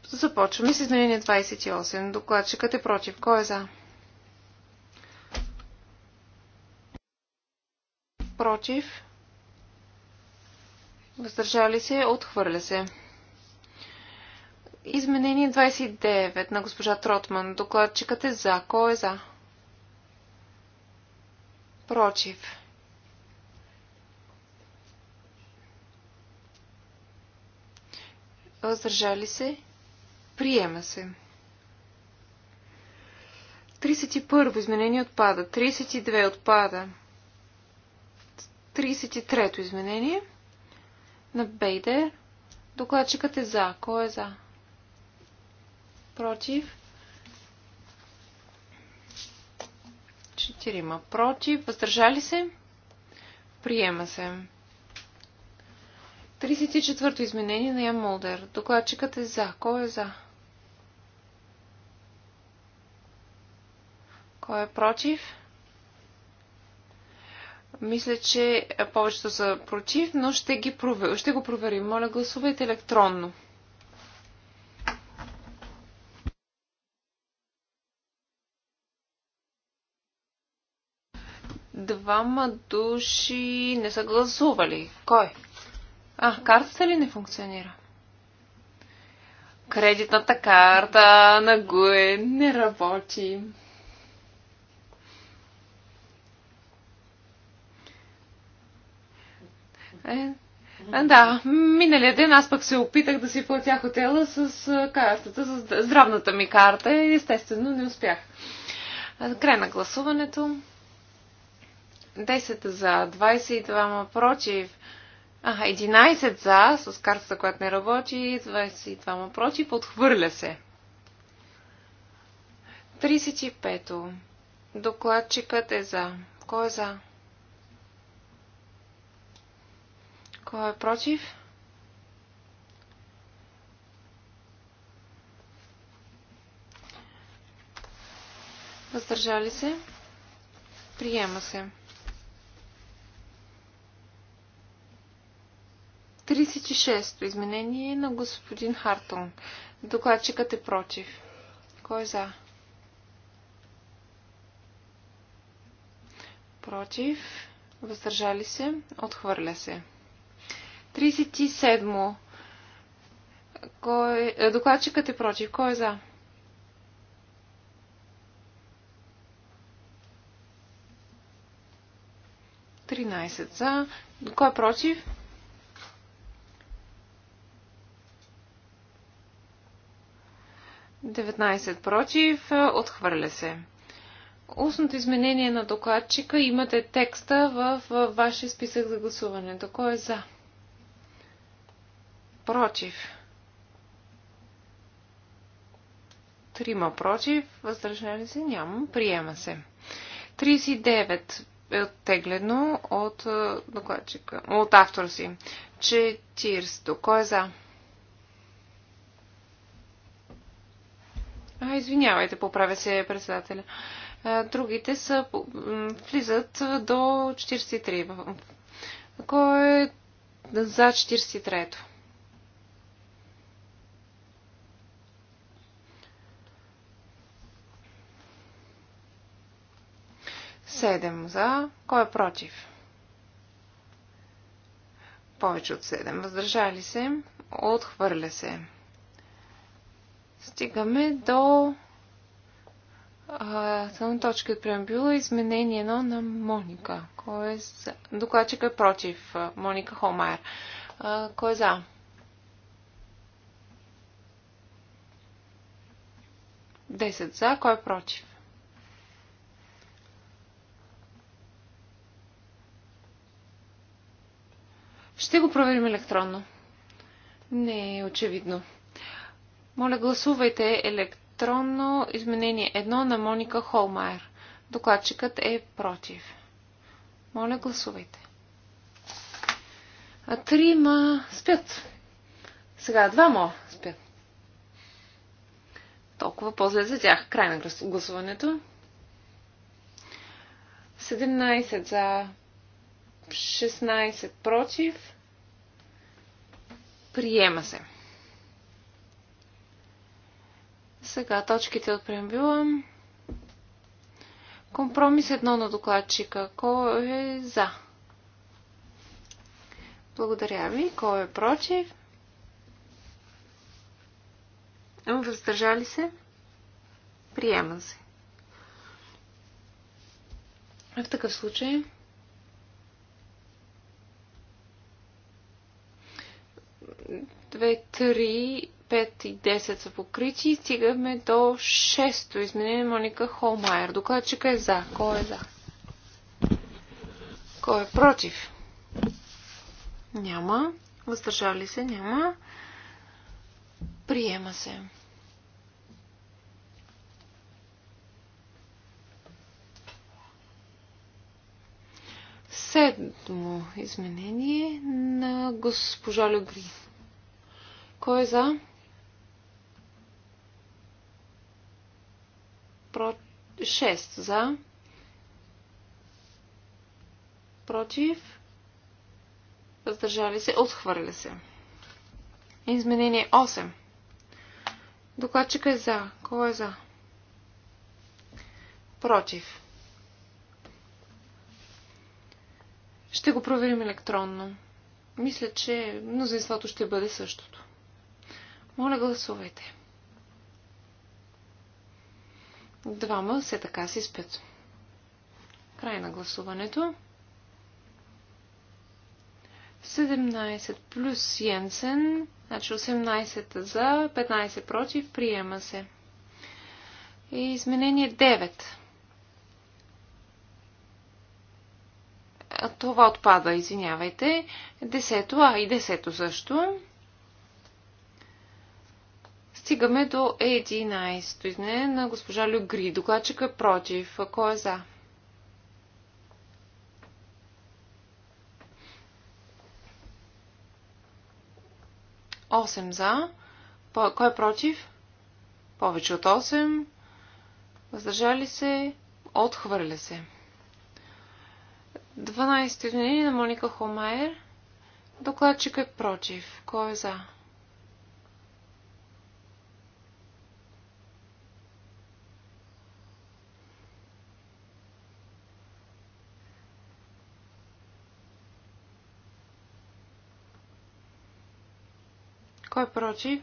започваме с изменение 28. Докладчикът е против. Кой е за? Против. Въздържали се. Отхвърля се. Изменение 29 на госпожа Тротман. Докладчикът е за. Кой е за? Прочив. Въздържали се. Приема се. 31. Изменение отпада. 32. Отпада. 33 изменение на Бейдер. Докладчикът е за. Кой е за? Против. 4 против, въздържали се, приема се. 34-то изменение на Ян Молдер. Докладчикът е за. Кой е за? Кой е против? Мисля, че повечето са против, но ще, ги провер... ще го проверим. Моля, гласувайте електронно. двама души не са гласували. Кой? А, картата ли не функционира? Кредитната карта на Гуе не работи. Е, е да, миналия ден аз пък се опитах да си платя хотела с е, картата, с здравната ми карта и естествено не успях. Е, край на гласуването. 10 за, 22 ма против, а, 11 за, с картата, която не работи, 22 ма против, отхвърля се. 35-то. Докладчикът е за. Кой е за? Кой е против? Въздържали се? Приема се. 36-то изменение на господин Хартон. Докладчикът е против. Кой е за? Против. Въздържали се. Отхвърля се. 37. Кой... Е- е, докладчикът е против. Кой е за? Тринайсет за. Кой е против? 19 против. Е, отхвърля се. Устното изменение на докладчика имате текста в вашия списък за гласуването. Кой е за? Против. Трима против. Въздържали се? Няма. Приема се. 39 е оттеглено от е, докладчика, от автора си. 40. Кой е за? А, извинявайте, поправя се председателя. Другите са, влизат до 43. Кой е за 43-то? Седем за. Кой е против? Повече от 7. Въздържали се. Отхвърля се стигаме до само точка от преамбюла изменение едно на Моника. Кой е за... Докладчик е против. Моника Холмайер. А, кой е за? Десет за. Кой е против? Ще го проверим електронно. Не е очевидно. Моля, гласувайте електронно изменение 1 на Моника Холмайер. Докладчикът е против. Моля, гласувайте. А трима спят. Сега двама спят. Толкова по-зле за тях. Край на гласуването. 17 за 16 против. Приема се. Сега точките от преамбюла. Компромис едно на докладчика. Кой е за? Благодаря ви. Кой е против? Въздържали се? Приема се. В такъв случай две, три 5 и 10 са покрити и стигаме до 6-то изменение Моника Холмайер. Докладчика е за. Кой е за? Кой е против? Няма. Въздържали се? Няма. Приема се. Седмо изменение на госпожа Легри. Кой е за? Про... 6 за. Против. Въздържали се. Отхвърля се. Изменение 8. Докладчика е за. Кого е за? Против. Ще го проверим електронно. Мисля, че мнозинството ще бъде същото. Моля, гласувайте. Двама все така си спят. Край на гласуването. 17 плюс Йенсен, значи 18 за, 15 против, приема се. И изменение 9. Това отпада, извинявайте. Десето, а и десето също. Стигаме до 11-то на госпожа Люгри. Докладчик е против. А кой е за? Осем за. Кой е против? Повече от 8. Въздържали се. Отхвърля се. 12-то изменение на Моника Хомайер. Докладчик е против. Кой е за? Кой е против?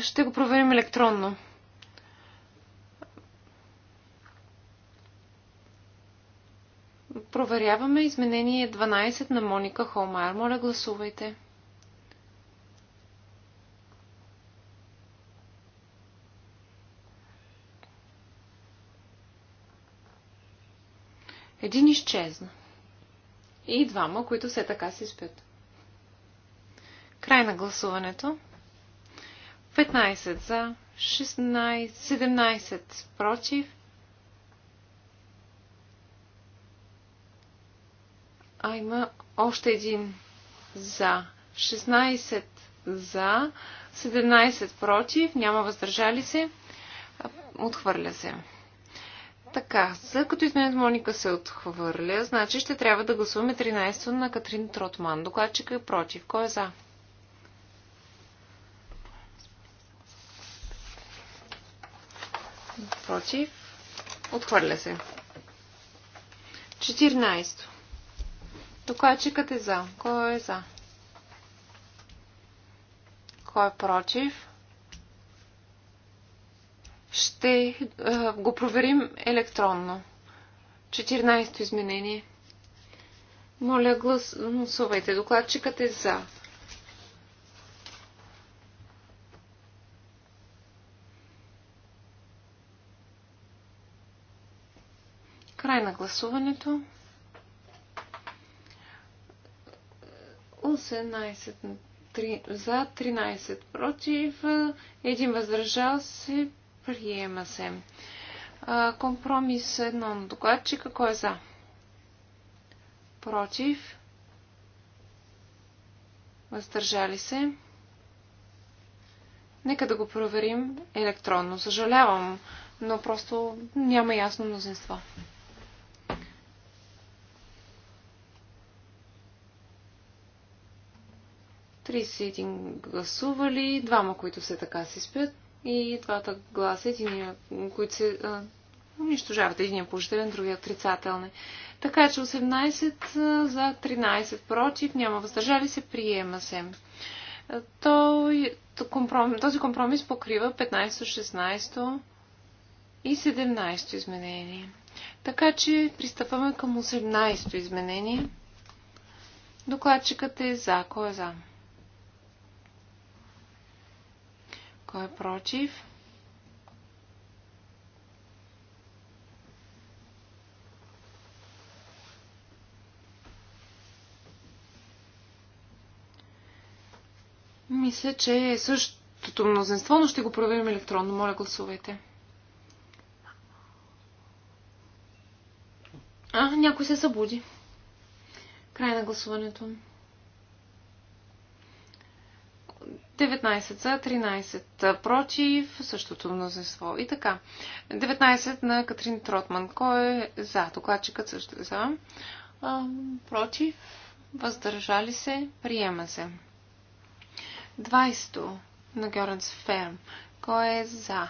Ще го проверим електронно. Проверяваме изменение 12 на Моника Холмайер. Моля, гласувайте. Един изчезна и двама, които все така си спят. Край на гласуването. 15 за, 16, 17 против. А има още един за. 16 за, 17 против, няма въздържали се, отхвърля се. Така, след като изменението Моника се отхвърля, значи ще трябва да гласуваме 13-то на Катрин Тротман. Докладчика е против. Кой е за? Против. Отхвърля се. 14-то. Докладчикът е за. Кой е за? Кой е против? ще а, го проверим електронно. 14-то изменение. Моля, гласувайте. Докладчикът е за. Край на гласуването. 18 за, 13 против, 1 въздържал се, Приема се. Компромис едно на докладчика. Кой е за? Против. Въздържали се. Нека да го проверим електронно. Съжалявам, но просто няма ясно мнозинство. Тридесет гласували, двама, които се така си спят и двата гласа, единия, които се а, унищожават. Единия положителен, другия отрицателен. Така че 18 за 13 против, няма въздържали се, приема се. То, компромис, този компромис покрива 15, 16 и 17 изменение. Така че пристъпваме към 18 изменение. Докладчикът е за. Кой е за? Кой е против? Мисля, че е същото мнозинство, но ще го проверим електронно. Моля, гласувайте. А, някой се събуди. Край на гласуването. 19 за, 13 против, същото мнозинство. И така. 19 на Катрин Тротман. Кой е за? Докладчикът също е за. А, против, въздържали се, приема се. 20 на Георенс Ферм. Кой е за?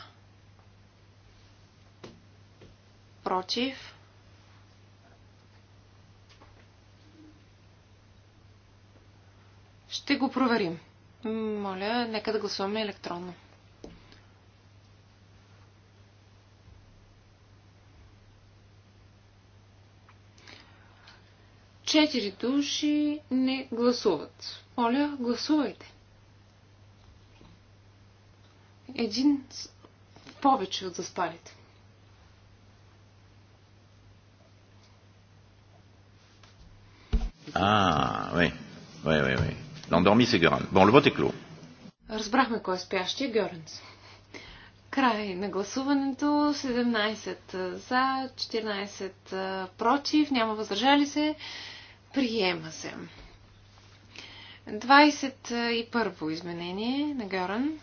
Против, Ще го проверим. Моля, нека да гласуваме електронно. Четири души не гласуват. Моля, гласувайте. Един повече от заспалите. А, ah, oui. Oui, oui, oui. L'endormi, c'est Гьоран. Bon, le vote est clos. Разбрахме кой е спящия Гьоранс. Край на гласуването. 17 за, 14 против, няма възражали се. Приема се. 21 изменение на Гьоран.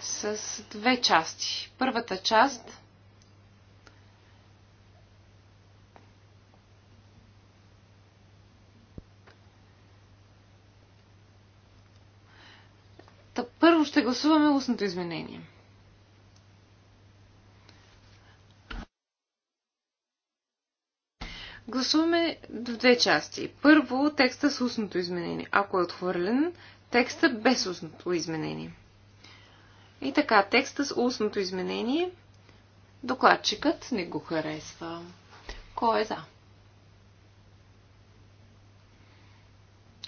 С две части. Първата част Та първо ще гласуваме устното изменение. Гласуваме в две части. Първо текста с устното изменение. Ако е отхвърлен, текста без устното изменение. И така, текста с устното изменение. Докладчикът не го харесва. Кой е за?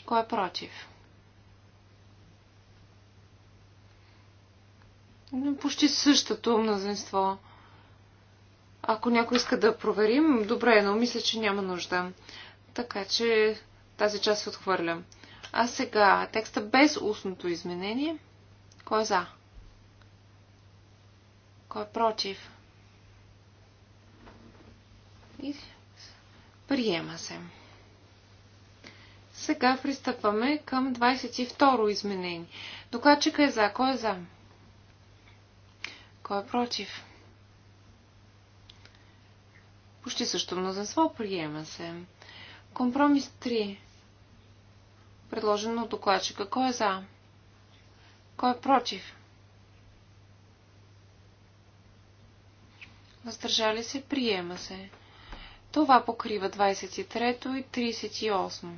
Кой е против? Почти същото мнозинство. Ако някой иска да проверим, добре, но мисля, че няма нужда. Така че тази част отхвърлям. А сега текста без устното изменение. Кой е за? Кой е против? И приема се. Сега пристъпваме към 22-ро изменение. Докладчика е за. Кой е за? Кой е против? Почти също мнозинство приема се. Компромис 3. Предложено от докладчика. Кой е за? Кой е против? Въздържали се, приема се. Това покрива 23 и 38.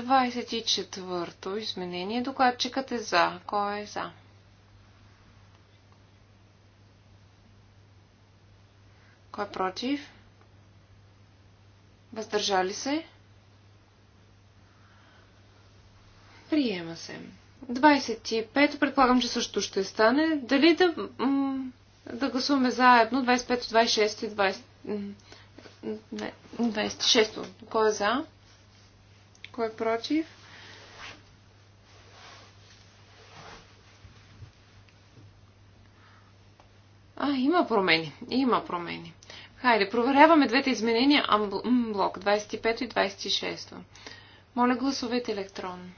24-то изменение. Докладчикът е за. Кой е за? Кой е против? Въздържали се? Приема се. 25, предполагам, че също ще стане. Дали да, да гласуваме заедно 25, 26 и 20... Не, 26. Кой е за? Кой е против? А, има промени. Има промени. Хайде, проверяваме двете изменения блок 25 и 26. Моля, гласовете електронно.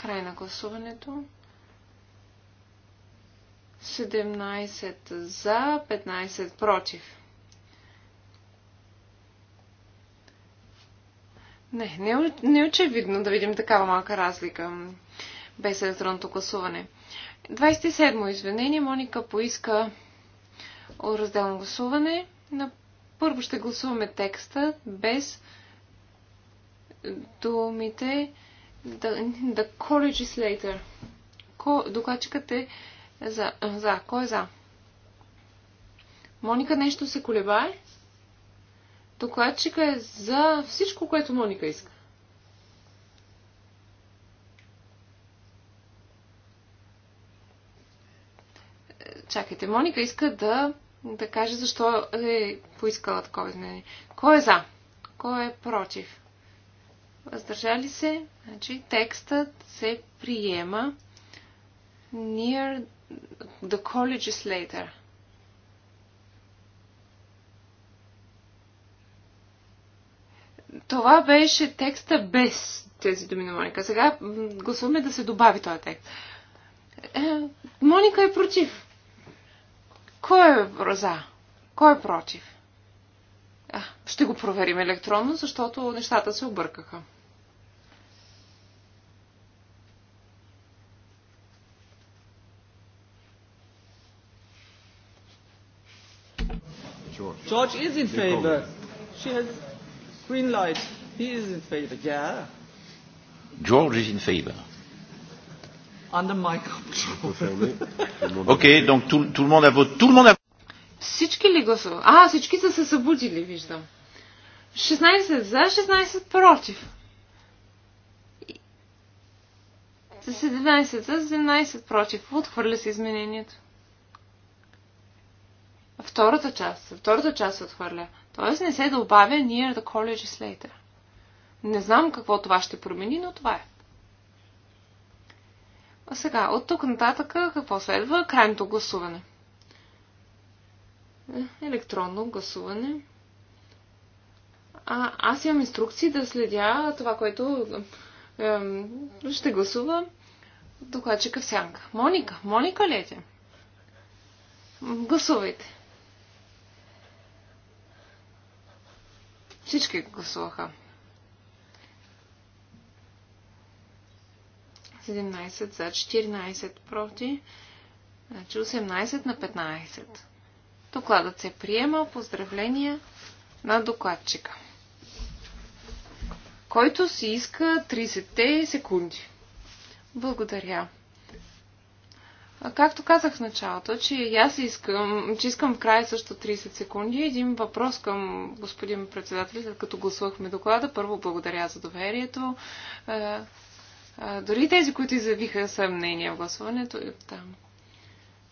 Край на гласуването. 17 за, 15 против. Не, не, не е очевидно да видим такава малка разлика без електронното гласуване. 27-мо извинение. Моника поиска разделно гласуване. На първо ще гласуваме текста без думите the, the co-legislator. Докладчикът е за, за. Кой е за? Моника нещо се колебае. Докладчика е за всичко, което Моника иска. Чакайте, Моника иска да, да каже защо е поискала такова изменение. Кой е за? Кой е против? Въздържали се? Значи текстът се приема near the co-legislator. Това беше текста без тези думи на Моника. Сега гласуваме да се добави този текст. Е, Моника е против. Кой е за? Кой е против? А, ще го проверим електронно, защото нещата се объркаха. George is in favor. She has green light. He is in favor. Yeah. George is in favor. Under my control. okay, donc tout, tout le monde a voté. Tout le monde a всички ли гласува? А, всички са се събудили, виждам. 16 за, 16 против. 17 за, 17 против. Отхвърля се изменението втората част. Втората част се отхвърля. Тоест не се добавя near the college later. Не знам какво това ще промени, но това е. А сега, от тук нататък какво следва? Крайното гласуване. Електронно гласуване. А, аз имам инструкции да следя това, което е, ще гласува докладчика в сянка. Моника, Моника ли е? Гласувайте. Всички гласуваха. 17 за 14 против. Значи 18 на 15. Докладът се приема. Поздравления на докладчика. Който си иска 30 секунди. Благодаря. Както казах в началото, че и аз искам, че искам в края също 30 секунди един въпрос към господин председател, след като гласувахме доклада. Първо благодаря за доверието. Дори тези, които изявиха съмнение в гласуването, там.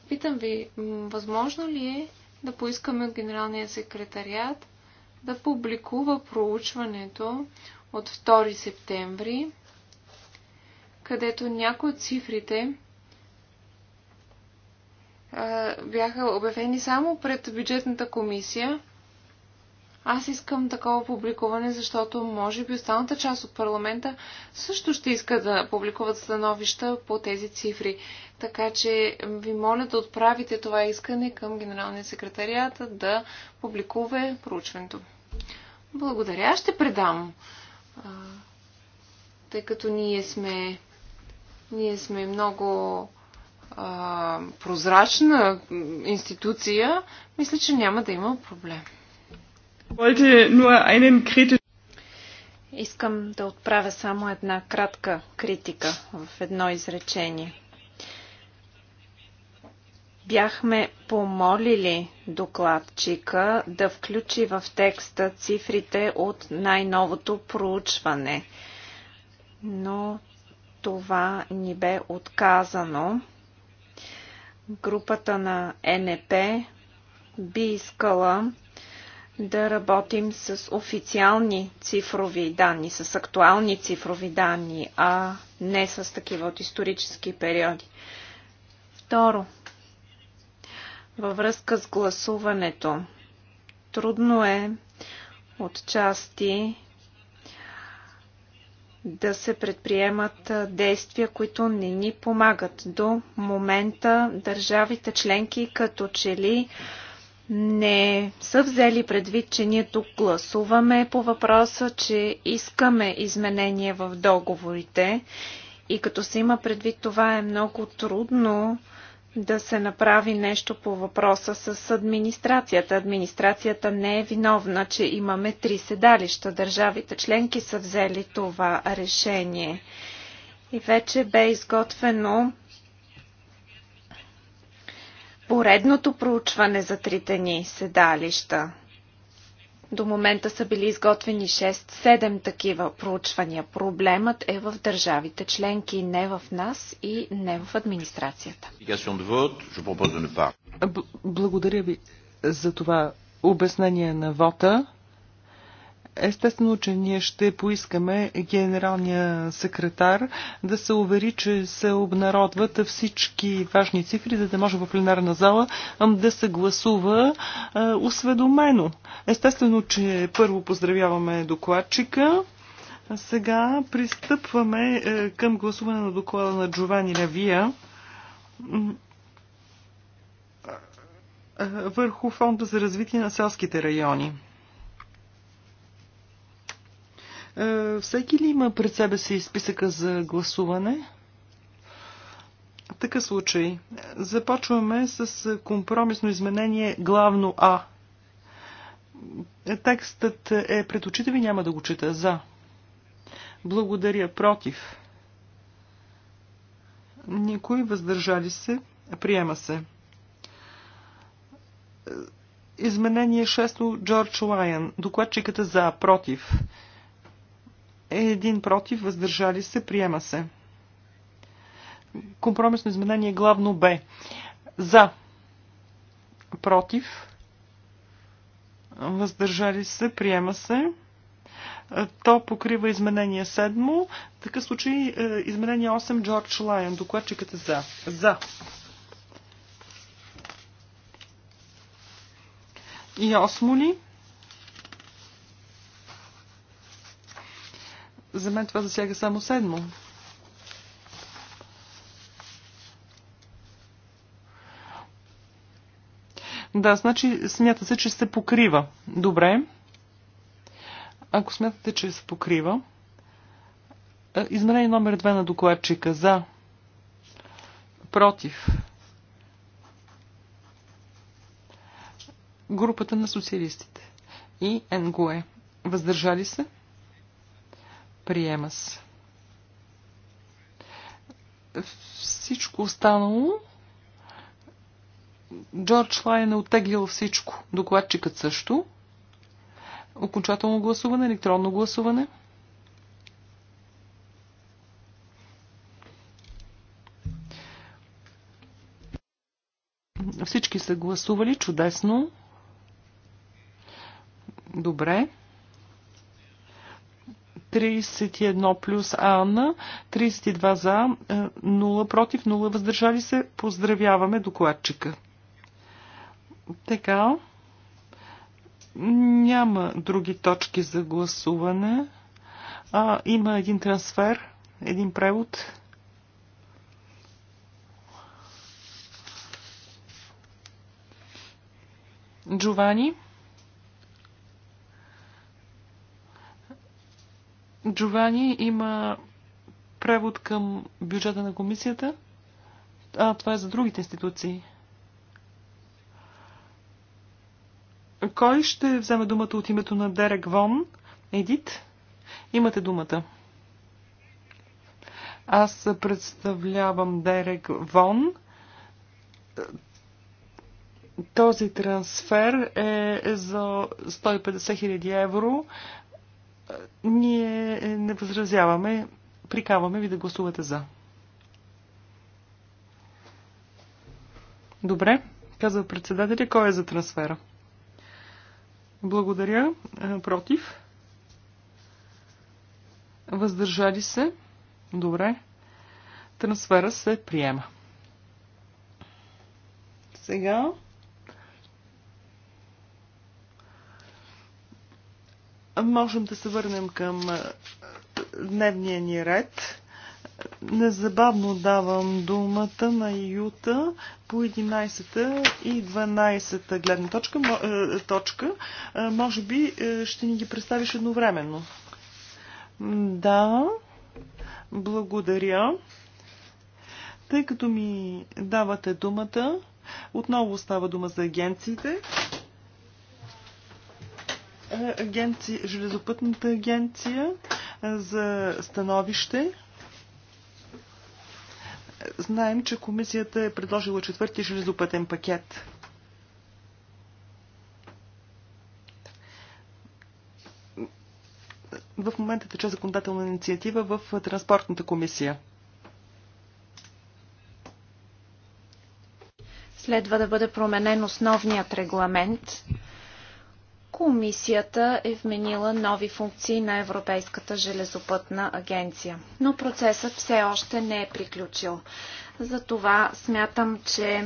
Питам ви, възможно ли е да поискаме от генералния секретариат да публикува проучването от 2 септември, където някои от цифрите, бяха обявени само пред бюджетната комисия. Аз искам такова публикуване, защото може би останата част от парламента също ще иска да публикуват становища по тези цифри. Така че ви моля да отправите това искане към Генералния секретарият да публикува проучването. Благодаря. Ще предам. тъй като ние сме, ние сме много прозрачна институция, мисля, че няма да има проблем. Искам да отправя само една кратка критика в едно изречение. Бяхме помолили докладчика да включи в текста цифрите от най-новото проучване, но това ни бе отказано групата на НП би искала да работим с официални цифрови данни, с актуални цифрови данни, а не с такива от исторически периоди. Второ, във връзка с гласуването, трудно е отчасти да се предприемат действия, които не ни помагат. До момента държавите членки като че ли не са взели предвид, че ние тук гласуваме по въпроса, че искаме изменения в договорите и като се има предвид това е много трудно да се направи нещо по въпроса с администрацията. Администрацията не е виновна, че имаме три седалища. Държавите членки са взели това решение. И вече бе изготвено поредното проучване за трите ни седалища. До момента са били изготвени 6-7 такива проучвания. Проблемът е в държавите членки, не в нас и не в администрацията. Благодаря ви за това обяснение на вота. Естествено, че ние ще поискаме генералния секретар да се увери, че се обнародват всички важни цифри, за да може в пленарна зала да се гласува осведомено. Естествено, че първо поздравяваме докладчика. Сега пристъпваме е, към гласуване на доклада на Джовани Лавия върху Фонда за развитие на селските райони. Е, всеки ли има пред себе си списъка за гласуване? Така случай започваме с компромисно изменение главно А. Текстът е пред очите ви, няма да го чета. За. Благодаря. Против. Никой въздържали се. Приема се. Е, изменение 6 Джордж Лайън. Докладчиката за. Против. Е един против, въздържали се, приема се. Компромисно изменение главно Б. За, против, въздържали се, приема се. То покрива изменение 7. В такъв случай е, изменение 8 Джордж Лайон. Докладчикът е за. За. И 8 ли? За мен това засяга само седмо. Да, значи смята се, че се покрива. Добре. Ако смятате, че се покрива, е, измерение номер 2 на докладчика за против групата на социалистите и НГОЕ. Въздържали се? Приема се. Всичко останало. Джордж Лайн е оттеглил всичко. Докладчикът също. Окончателно гласуване, електронно гласуване. Всички са гласували чудесно. Добре. 31 плюс Анна, 32 за, 0 е, против, 0 въздържали се. Поздравяваме докладчика. Така. Няма други точки за гласуване. А, има един трансфер, един превод. Джовани. Джовани има превод към бюджета на комисията. А, това е за другите институции. Кой ще вземе думата от името на Дерек Вон? Едит? Имате думата. Аз представлявам Дерек Вон. Този трансфер е за 150 000 евро ние е, не възразяваме. Прикаваме ви да гласувате за. Добре, казва председателя. Кой е за трансфера? Благодаря. Е, против? Въздържали се? Добре. Трансфера се приема. Сега можем да се върнем към дневния ни ред. Незабавно давам думата на Юта по 11-та и 12-та гледна точка. Е, точка. Е, може би е, ще ни ги представиш едновременно. Да, благодаря. Тъй като ми давате думата, отново става дума за агенциите агенция, Железопътната агенция за становище. Знаем, че комисията е предложила четвърти железопътен пакет. В момента тече законодателна инициатива в Транспортната комисия. Следва да бъде променен основният регламент Комисията е вменила нови функции на Европейската железопътна агенция. Но процесът все още не е приключил. Затова смятам, че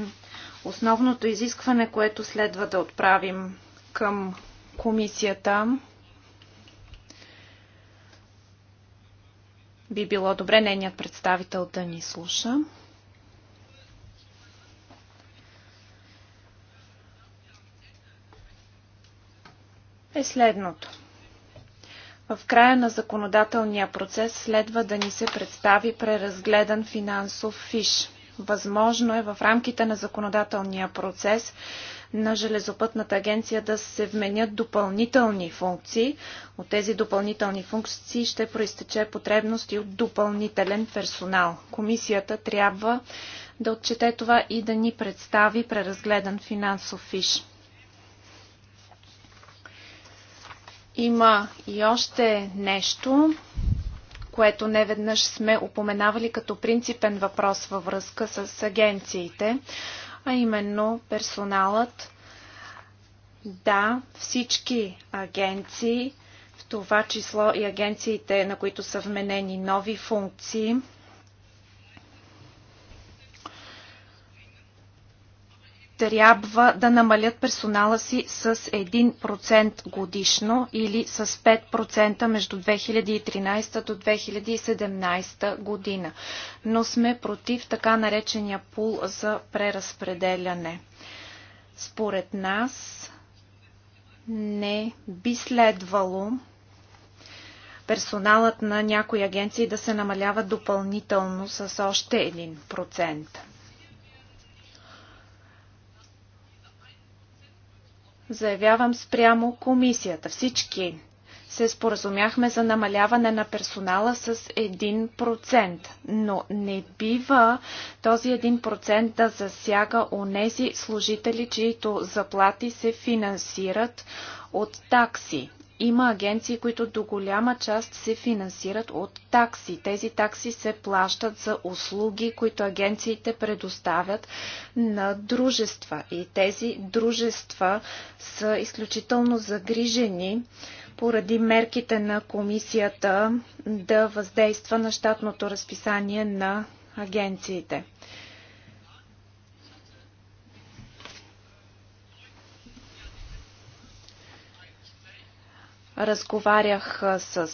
основното изискване, което следва да отправим към комисията, би било добре нейният представител да ни слуша. е следното. В края на законодателния процес следва да ни се представи преразгледан финансов фиш. Възможно е в рамките на законодателния процес на Железопътната агенция да се вменят допълнителни функции. От тези допълнителни функции ще проистече потребност и от допълнителен персонал. Комисията трябва да отчете това и да ни представи преразгледан финансов фиш. Има и още нещо, което не веднъж сме упоменавали като принципен въпрос във връзка с агенциите, а именно персоналът. Да, всички агенции, в това число и агенциите, на които са вменени нови функции, трябва да намалят персонала си с 1% годишно или с 5% между 2013 до 2017 година. Но сме против така наречения пул за преразпределяне. Според нас не би следвало персоналът на някои агенции да се намалява допълнително с още 1%. заявявам спрямо комисията. Всички се споразумяхме за намаляване на персонала с 1%, но не бива този 1% да засяга онези служители, чието заплати се финансират от такси. Има агенции, които до голяма част се финансират от такси. Тези такси се плащат за услуги, които агенциите предоставят на дружества. И тези дружества са изключително загрижени поради мерките на комисията да въздейства на щатното разписание на агенциите. Разговарях с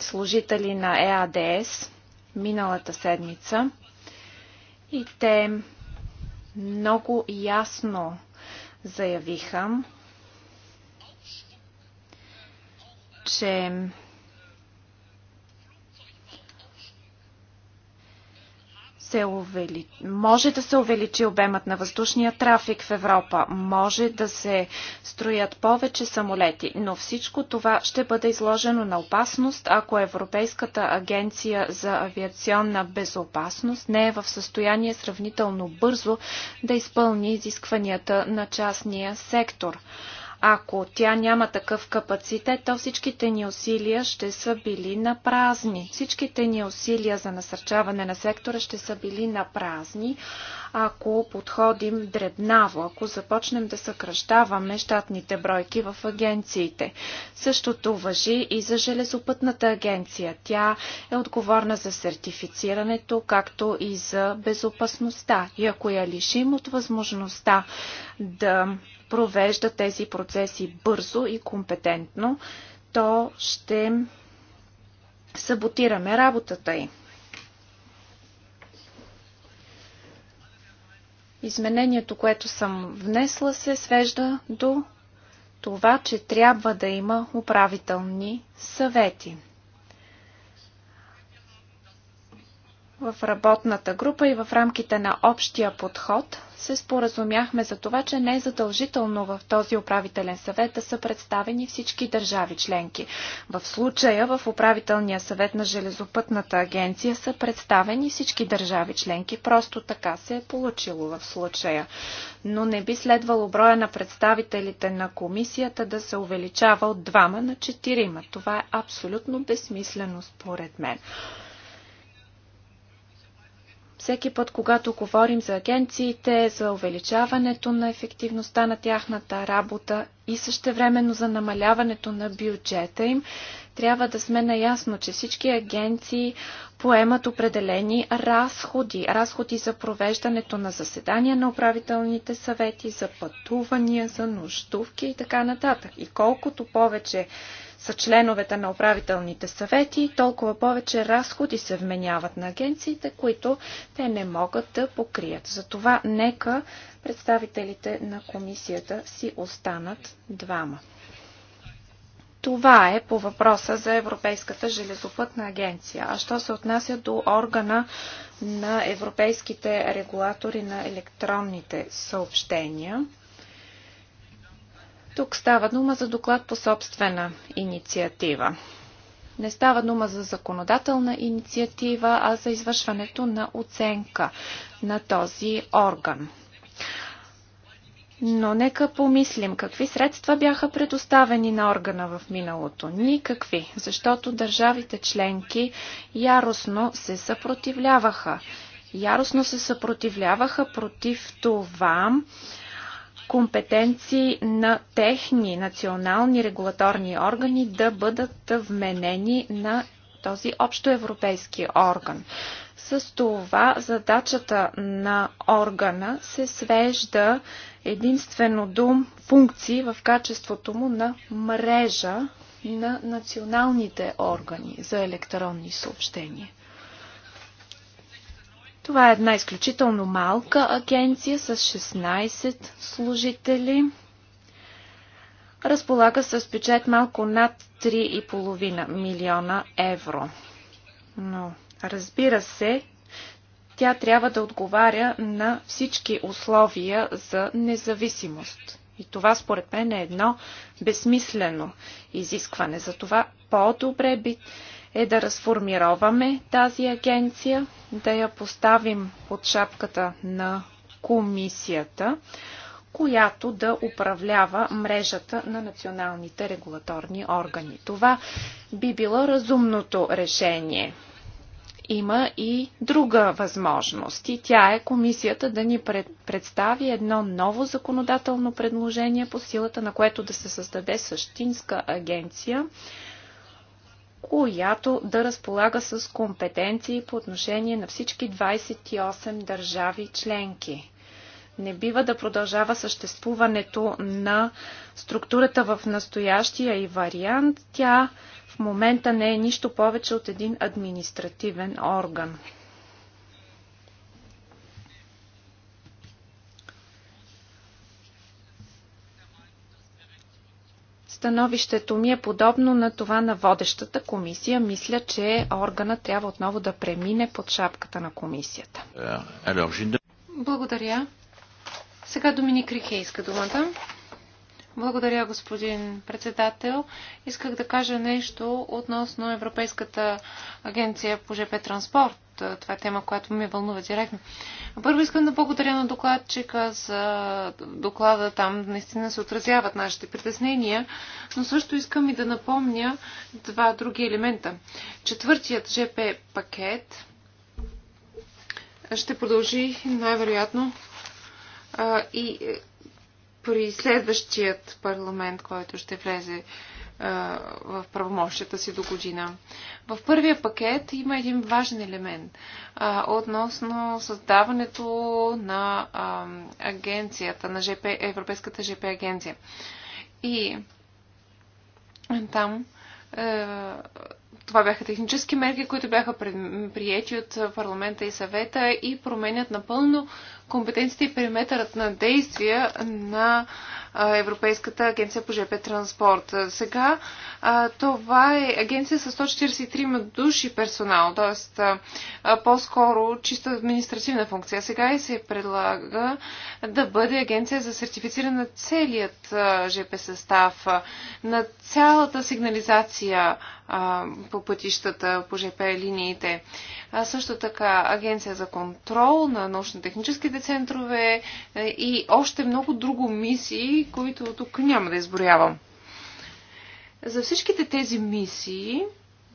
служители на ЕАДС миналата седмица и те много ясно заявиха, че се увели... може да се увеличи обемът на въздушния трафик в Европа, може да се строят повече самолети, но всичко това ще бъде изложено на опасност, ако Европейската агенция за авиационна безопасност не е в състояние сравнително бързо да изпълни изискванията на частния сектор. Ако тя няма такъв капацитет, то всичките ни усилия ще са били на празни. Всичките ни усилия за насърчаване на сектора ще са били на празни, ако подходим дребнаво, ако започнем да съкръщаваме щатните бройки в агенциите. Същото въжи и за Железопътната агенция. Тя е отговорна за сертифицирането, както и за безопасността. И ако я лишим от възможността да провежда тези процеси бързо и компетентно, то ще саботираме работата й. Изменението, което съм внесла, се свежда до това, че трябва да има управителни съвети. В работната група и в рамките на общия подход се споразумяхме за това, че не е задължително в този управителен съвет да са представени всички държави членки. В случая в управителния съвет на Железопътната агенция са представени всички държави членки. Просто така се е получило в случая. Но не би следвало броя на представителите на комисията да се увеличава от двама на четирима. Това е абсолютно безсмислено според мен. Всеки път, когато говорим за агенциите, за увеличаването на ефективността на тяхната работа и същевременно за намаляването на бюджета им, трябва да сме наясно, че всички агенции поемат определени разходи. Разходи за провеждането на заседания на управителните съвети, за пътувания, за нощувки и така нататък. И колкото повече са членовете на управителните съвети, толкова повече разходи се вменяват на агенциите, които те не могат да покрият. Затова нека представителите на комисията си останат двама. Това е по въпроса за Европейската железопътна агенция. А що се отнася до органа на европейските регулатори на електронните съобщения, тук става дума за доклад по собствена инициатива. Не става дума за законодателна инициатива, а за извършването на оценка на този орган. Но нека помислим какви средства бяха предоставени на органа в миналото. Никакви, защото държавите членки яростно се съпротивляваха. Яростно се съпротивляваха против това компетенции на техни национални регулаторни органи да бъдат вменени на този общоевропейски орган. С това задачата на органа се свежда единствено до функции в качеството му на мрежа на националните органи за електронни съобщения. Това е една изключително малка агенция с 16 служители. Разполага с бюджет малко над 3,5 милиона евро. Но, разбира се, тя трябва да отговаря на всички условия за независимост. И това според мен е едно безсмислено изискване. Затова по-добре би е да разформироваме тази агенция, да я поставим под шапката на комисията, която да управлява мрежата на националните регулаторни органи. Това би било разумното решение. Има и друга възможност и тя е комисията да ни представи едно ново законодателно предложение, по силата на което да се създаде същинска агенция, която да разполага с компетенции по отношение на всички 28 държави членки. Не бива да продължава съществуването на структурата в настоящия и вариант. Тя в момента не е нищо повече от един административен орган. Становището ми е подобно на това на водещата комисия. Мисля, че органът трябва отново да премине под шапката на комисията. Е, Благодаря. Сега Доминик Рихе иска думата. Благодаря, господин председател. Исках да кажа нещо относно Европейската агенция по ЖП транспорт. Това е тема, която ме вълнува директно. Първо искам да благодаря на докладчика за доклада. Там наистина се отразяват нашите притеснения, но също искам и да напомня два други елемента. Четвъртият ЖП пакет ще продължи най-вероятно и е, при следващият парламент, който ще влезе в правомощията си до година. В първия пакет има един важен елемент а, относно създаването на а, агенцията, на ЖП, Европейската ЖП агенция. И там е, това бяха технически мерки, които бяха приети от парламента и съвета и променят напълно компетенциите и периметърът на действия на Европейската агенция по ЖП транспорт. Сега това е агенция с 143 души персонал, т.е. по-скоро чисто административна функция. Сега и се предлага да бъде агенция за сертифициране на целият ЖП състав, на цялата сигнализация по пътищата, по ЖП линиите. също така агенция за контрол на научно-техническите медицинските центрове е, и още много друго мисии, които тук няма да изброявам. За всичките тези мисии,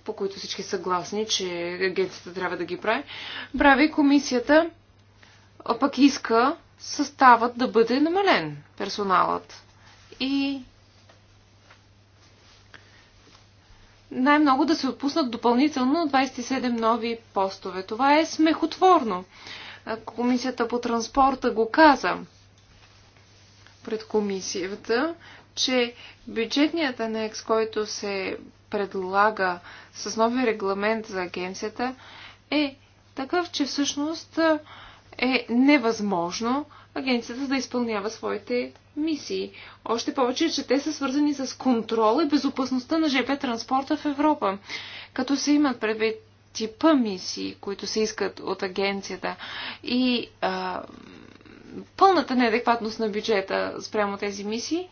по които всички съгласни, че агенцията трябва да ги прави, прави комисията, а пък иска съставът да бъде намален, персоналът. И най-много да се отпуснат допълнително 27 нови постове. Това е смехотворно. Комисията по транспорта го каза пред комисията, че бюджетният анекс, който се предлага с нови регламент за агенцията, е такъв, че всъщност е невъзможно агенцията да изпълнява своите мисии. Още повече, че те са свързани с контрола и безопасността на ЖП транспорта в Европа. Като се имат предвид типа мисии, които се искат от агенцията и а, пълната неадекватност на бюджета спрямо тези мисии,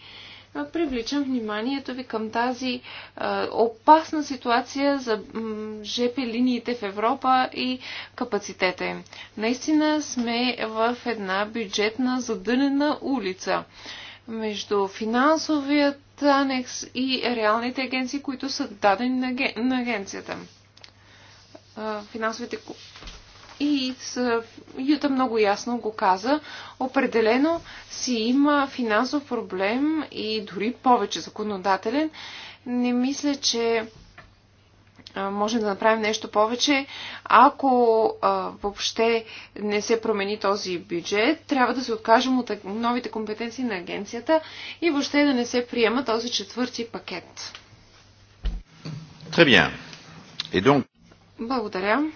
привличам вниманието ви към тази а, опасна ситуация за м, ЖП линиите в Европа и капацитета им. Наистина сме в една бюджетна задънена улица между финансовият анекс и реалните агенции, които са дадени на, аген... на агенцията финансовите и Юта много ясно го каза. Определено си има финансов проблем и дори повече законодателен. Не мисля, че можем да направим нещо повече. Ако а, въобще не се промени този бюджет, трябва да се откажем от новите компетенции на агенцията и въобще да не се приема този четвърти пакет. Très bien. Et donc... Благодаря.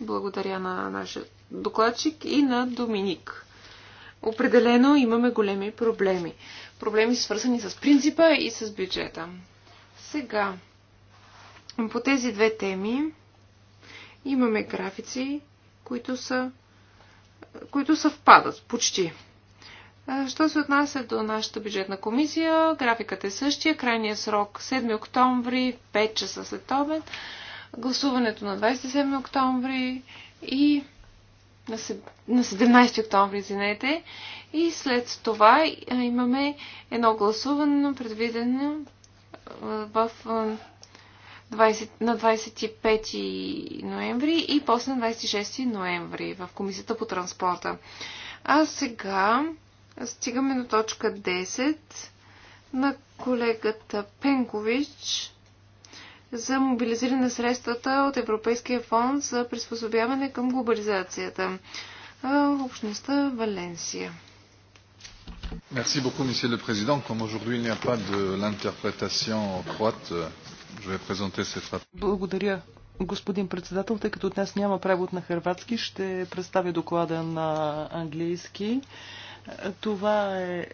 Благодаря на нашия докладчик и на Доминик. Определено имаме големи проблеми. Проблеми свързани с принципа и с бюджета. Сега, по тези две теми имаме графици, които са които съвпадат почти. Що се отнася до нашата бюджетна комисия, графикът е същия. Крайният срок 7 октомври, 5 часа след обед гласуването на 27 октомври и на 17 октомври, извинете. И след това имаме едно гласуване, предвидено в, на 25 ноември и после на 26 ноември в Комисията по транспорта. А сега стигаме до точка 10 на колегата Пенкович за мобилизиране на средствата от Европейския фонд за приспособяване към глобализацията. Общността Валенсия. Merci beaucoup, Monsieur le Président. Comme aujourd'hui il n'y a pas de l'interprétation croate, je vais présenter cette rapport. Благодаря, господин председател. Тъй като днес няма превод на хрватски, ще представя доклада на английски. Това е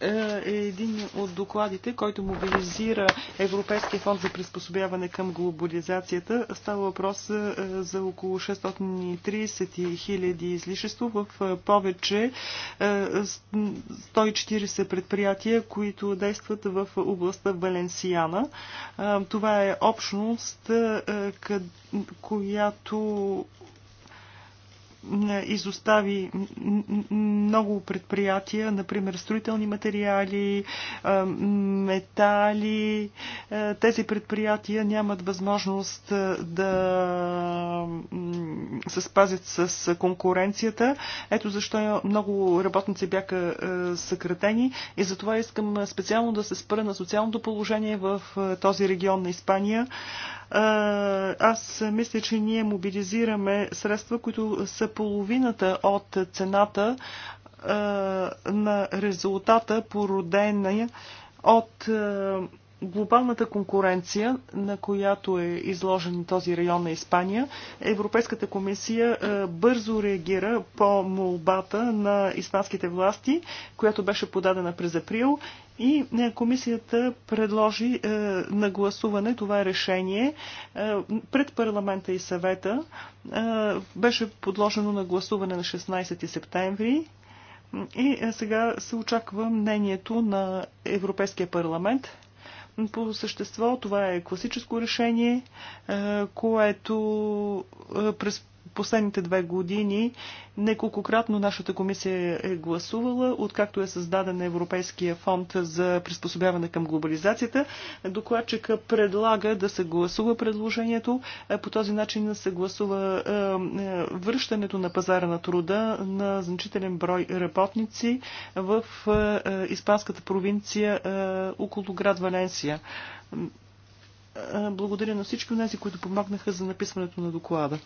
е, е един от докладите, който мобилизира Европейския фонд за приспособяване към глобализацията. Става въпрос е, за около 630 хиляди излишество в е, повече 140 предприятия, които действат в областта Валенсияна. Това е общност, която изостави много предприятия, например строителни материали, метали. Е, тези предприятия нямат възможност е, да се спазят с конкуренцията. Ето защо много работници бяха е, съкратени и затова искам специално да се спра на социалното положение в този регион на Испания. Аз мисля, че ние мобилизираме средства, които са половината от цената на резултата, породена от глобалната конкуренция, на която е изложен този район на Испания, Европейската комисия бързо реагира по молбата на испанските власти, която беше подадена през април и е, комисията предложи е, на гласуване това решение е, пред парламента и съвета. Е, беше подложено на гласуване на 16 септември. И е, сега се очаква мнението на Европейския парламент. По същество това е класическо решение, е, което през последните две години неколкократно нашата комисия е гласувала, откакто е създаден Европейския фонд за приспособяване към глобализацията. Докладчика предлага да се гласува предложението. По този начин се гласува е, е, връщането на пазара на труда на значителен брой работници в е, испанската провинция около град Валенсия. Благодаря на всички от тези, които помогнаха за написването на доклада.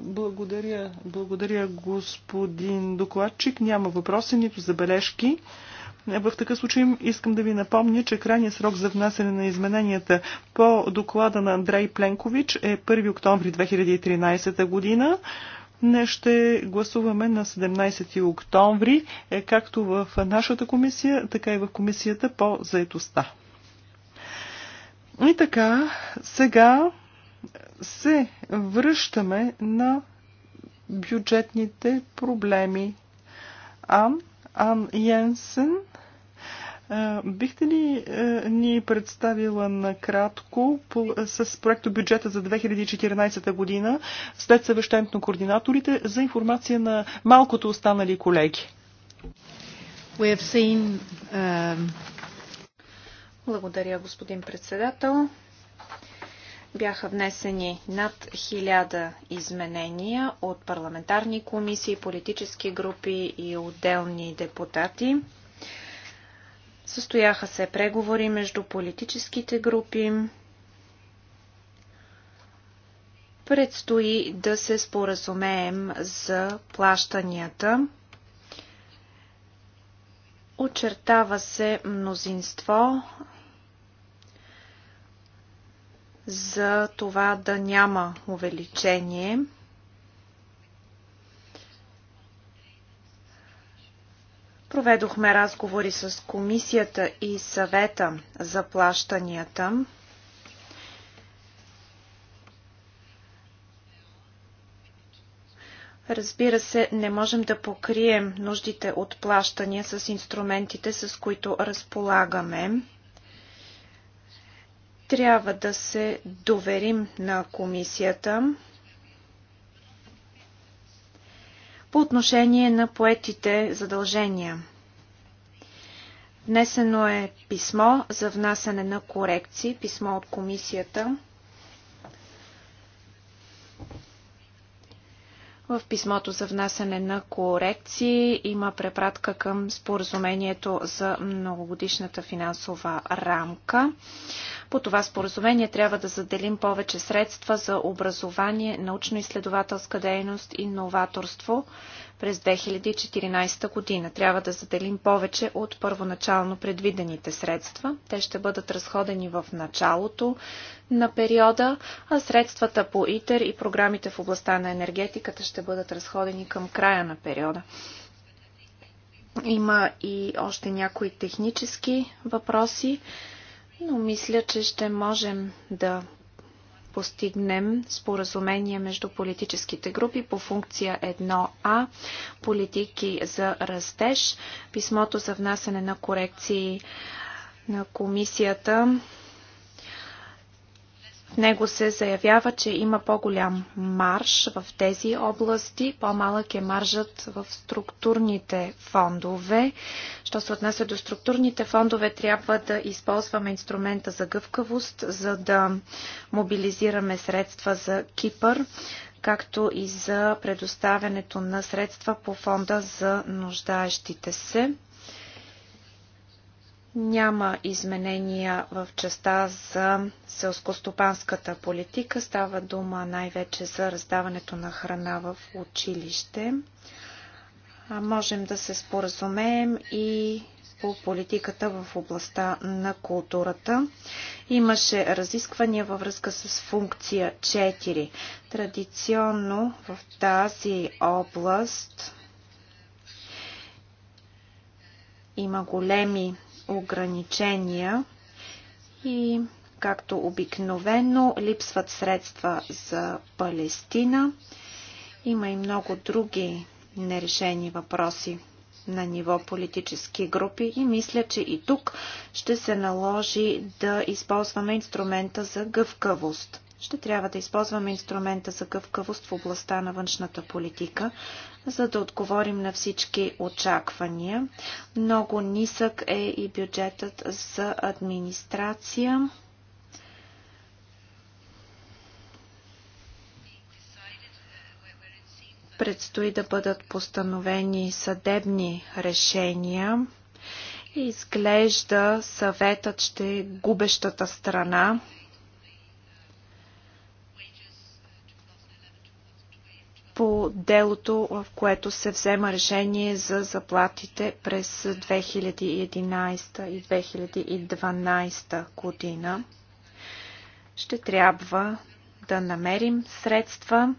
Благодаря, благодаря господин докладчик. Няма въпроси, нито забележки. В такъв случай искам да ви напомня, че крайният срок за внасяне на измененията по доклада на Андрей Пленкович е 1 октомври 2013 година. Днес ще гласуваме на 17 октомври, е както в нашата комисия, така и в комисията по заетостта. И така, сега се връщаме на бюджетните проблеми. Ан, Ан Йенсен, бихте ли ни представила накратко с проекто бюджета за 2014 година след съвещанието на координаторите за информация на малкото останали колеги? Seen, um... Благодаря, господин председател. Бяха внесени над хиляда изменения от парламентарни комисии, политически групи и отделни депутати. Състояха се преговори между политическите групи. Предстои да се споразумеем за плащанията. Очертава се мнозинство за това да няма увеличение. Проведохме разговори с комисията и съвета за плащанията. Разбира се, не можем да покрием нуждите от плащания с инструментите, с които разполагаме. Трябва да се доверим на комисията по отношение на поетите задължения. Внесено е писмо за внасяне на корекции, писмо от комисията. В писмото за внасяне на корекции има препратка към споразумението за многогодишната финансова рамка. По това споразумение трябва да заделим повече средства за образование, научно-изследователска дейност и новаторство през 2014 година. Трябва да заделим повече от първоначално предвидените средства. Те ще бъдат разходени в началото на периода, а средствата по ИТЕР и програмите в областта на енергетиката ще бъдат разходени към края на периода. Има и още някои технически въпроси но мисля, че ще можем да постигнем споразумение между политическите групи по функция 1А политики за растеж. Писмото за внасене на корекции на комисията него се заявява, че има по-голям марш в тези области, по-малък е маржът в структурните фондове. Що се отнася до структурните фондове, трябва да използваме инструмента за гъвкавост, за да мобилизираме средства за Кипър, както и за предоставянето на средства по фонда за нуждаещите се. Няма изменения в частта за селскостопанската политика. Става дума най-вече за раздаването на храна в училище. А можем да се споразумеем и по политиката в областта на културата. Имаше разисквания във връзка с функция 4. Традиционно в тази област има големи ограничения и както обикновено липсват средства за Палестина. Има и много други нерешени въпроси на ниво политически групи и мисля, че и тук ще се наложи да използваме инструмента за гъвкавост. Ще трябва да използваме инструмента за гъвкавост в областта на външната политика, за да отговорим на всички очаквания. Много нисък е и бюджетът за администрация. Предстои да бъдат постановени съдебни решения. Изглежда съветът ще е губещата страна по делото, в което се взема решение за заплатите през 2011 и 2012 година. Ще трябва да намерим средства,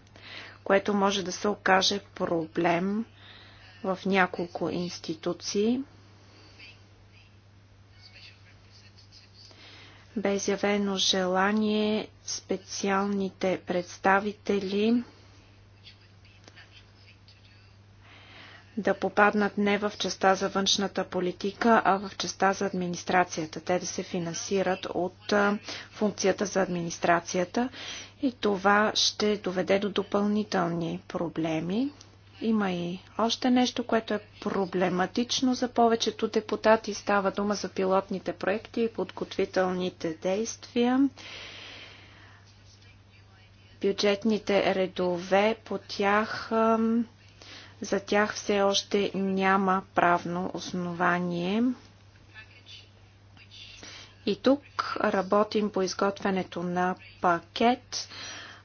което може да се окаже проблем в няколко институции. Бе изявено желание специалните представители да попаднат не в частта за външната политика, а в частта за администрацията. Те да се финансират от функцията за администрацията и това ще доведе до допълнителни проблеми. Има и още нещо, което е проблематично за повечето депутати. Става дума за пилотните проекти и подготвителните действия бюджетните редове по тях за тях все още няма правно основание. И тук работим по изготвянето на пакет,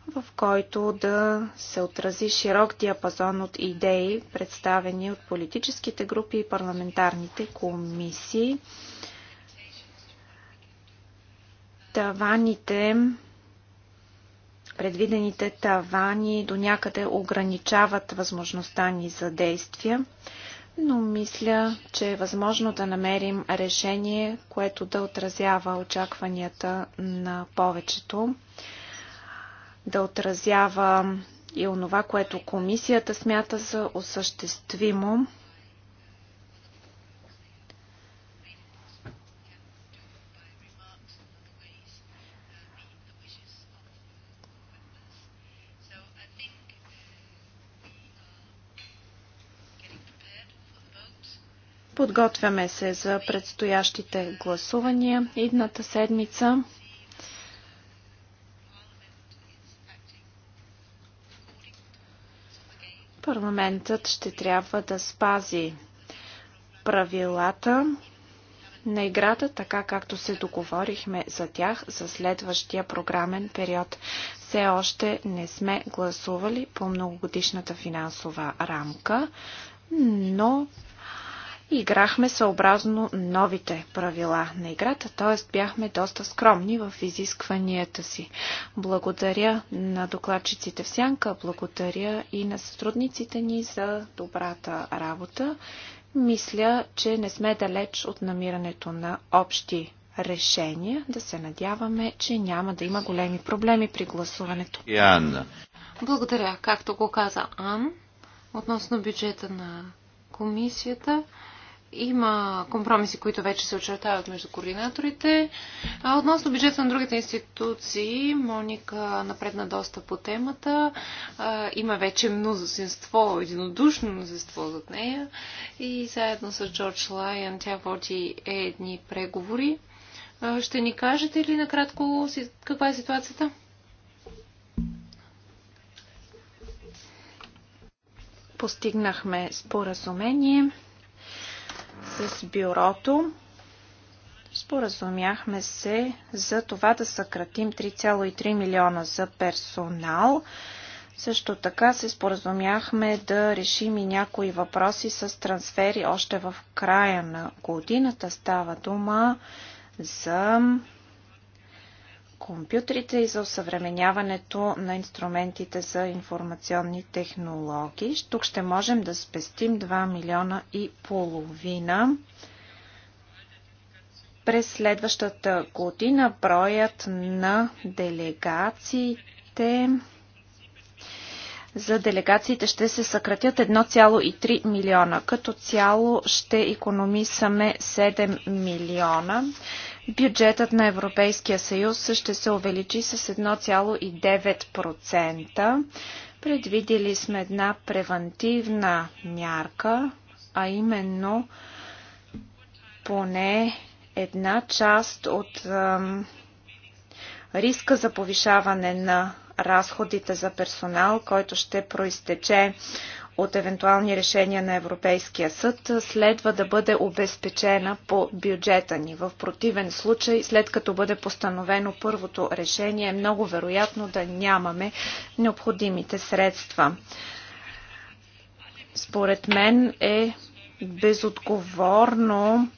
в който да се отрази широк диапазон от идеи, представени от политическите групи и парламентарните комисии. Таваните Предвидените тавани до някъде ограничават възможността ни за действия, но мисля, че е възможно да намерим решение, което да отразява очакванията на повечето, да отразява и онова, което комисията смята за осъществимо Подготвяме се за предстоящите гласувания идната седмица. Парламентът ще трябва да спази правилата на играта, така както се договорихме за тях за следващия програмен период. Все още не сме гласували по многогодишната финансова рамка, но играхме съобразно новите правила на играта, т.е. бяхме доста скромни в изискванията си. Благодаря на докладчиците в Сянка, благодаря и на сътрудниците ни за добрата работа. Мисля, че не сме далеч от намирането на общи решения. Да се надяваме, че няма да има големи проблеми при гласуването. И Анна. Благодаря. Както го каза Ан, относно бюджета на комисията, има компромиси, които вече се очертават между координаторите. относно бюджета на другите институции, Моника напредна доста по темата. има вече мнозинство, единодушно мнозинство зад нея. И заедно с Джордж Лайан тя води едни преговори. ще ни кажете ли накратко каква е ситуацията? Постигнахме споразумение. С бюрото споразумяхме се за това да съкратим 3,3 милиона за персонал. Също така се споразумяхме да решим и някои въпроси с трансфери още в края на годината. Става дума за компютрите и за осъвременяването на инструментите за информационни технологии. Тук ще можем да спестим 2 милиона и половина. През следващата година броят на делегациите за делегациите ще се съкратят 1,3 милиона. Като цяло ще економисаме 7 милиона бюджетът на Европейския съюз ще се увеличи с 1,9%. Предвидели сме една превантивна мярка, а именно поне една част от ъм, риска за повишаване на разходите за персонал, който ще проистече от евентуални решения на Европейския съд следва да бъде обезпечена по бюджета ни. В противен случай, след като бъде постановено първото решение, е много вероятно да нямаме необходимите средства. Според мен е безотговорно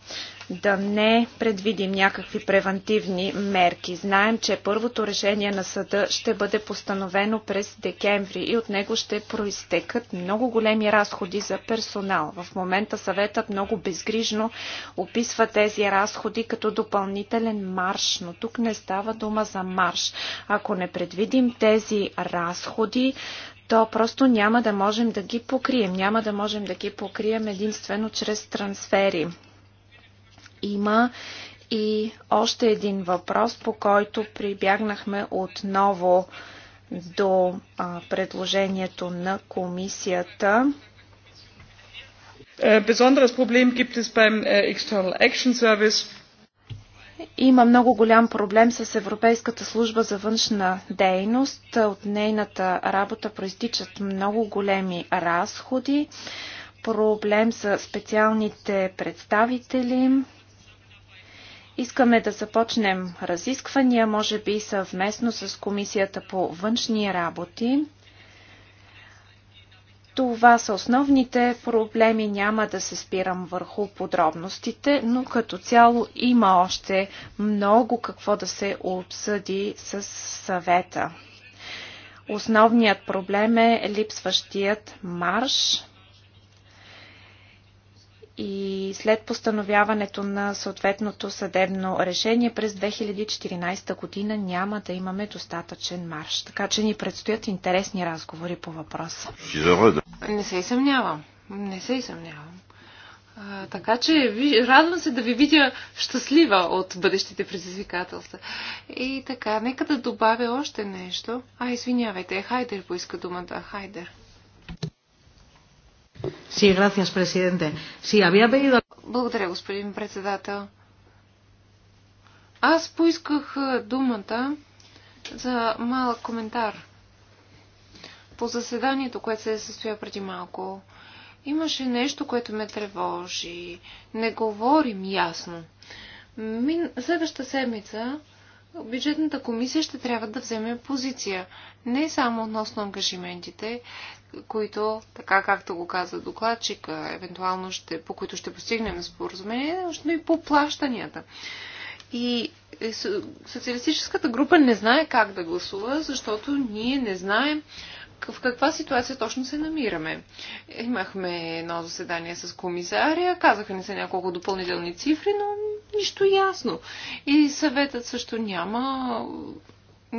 да не предвидим някакви превантивни мерки. Знаем, че първото решение на съда ще бъде постановено през декември и от него ще проистекат много големи разходи за персонал. В момента съветът много безгрижно описва тези разходи като допълнителен марш, но тук не става дума за марш. Ако не предвидим тези разходи, то просто няма да можем да ги покрием. Няма да можем да ги покрием единствено чрез трансфери има и още един въпрос, по който прибягнахме отново до а, предложението на комисията. Besonderes е, Problem gibt es beim е, External Action Service. Има много голям проблем с Европейската служба за външна дейност. От нейната работа проистичат много големи разходи. Проблем са специалните представители, Искаме да започнем разисквания, може би съвместно с Комисията по външни работи. Това са основните проблеми, няма да се спирам върху подробностите, но като цяло има още много какво да се обсъди с съвета. Основният проблем е липсващият марш и след постановяването на съответното съдебно решение през 2014 година няма да имаме достатъчен марш. Така че ни предстоят интересни разговори по въпроса. Не се и съмнявам. Не се и съмнявам. А, така че ви, радвам се да ви видя щастлива от бъдещите предизвикателства. И така, нека да добавя още нещо. А, извинявайте, Хайдер поиска думата. Хайдер. Благодаря, господин председател. Аз поисках думата за малък коментар по заседанието, което се е състоя преди малко. Имаше нещо, което ме тревожи. Не говорим ясно. Следващата седмица бюджетната комисия ще трябва да вземе позиция. Не само относно ангажиментите, които, така както го каза докладчик, евентуално ще, по които ще постигнем споразумение, но и по плащанията. И социалистическата група не знае как да гласува, защото ние не знаем в каква ситуация точно се намираме. Имахме едно заседание с комисария, казаха ни се няколко допълнителни цифри, но нищо ясно. И съветът също няма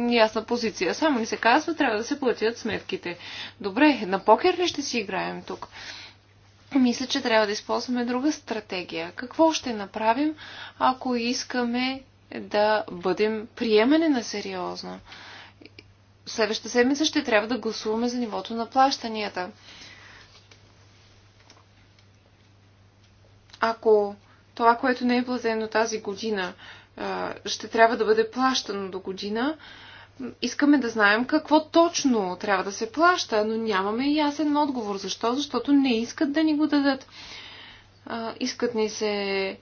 ясна позиция. Само ни се казва, трябва да се платят сметките. Добре, на покер ли ще си играем тук? Мисля, че трябва да използваме друга стратегия. Какво ще направим, ако искаме да бъдем приемане на сериозно? следващата седмица ще трябва да гласуваме за нивото на плащанията. Ако това, което не е платено тази година, ще трябва да бъде плащано до година, искаме да знаем какво точно трябва да се плаща, но нямаме ясен отговор. Защо? Защото не искат да ни го дадат. Искат ни се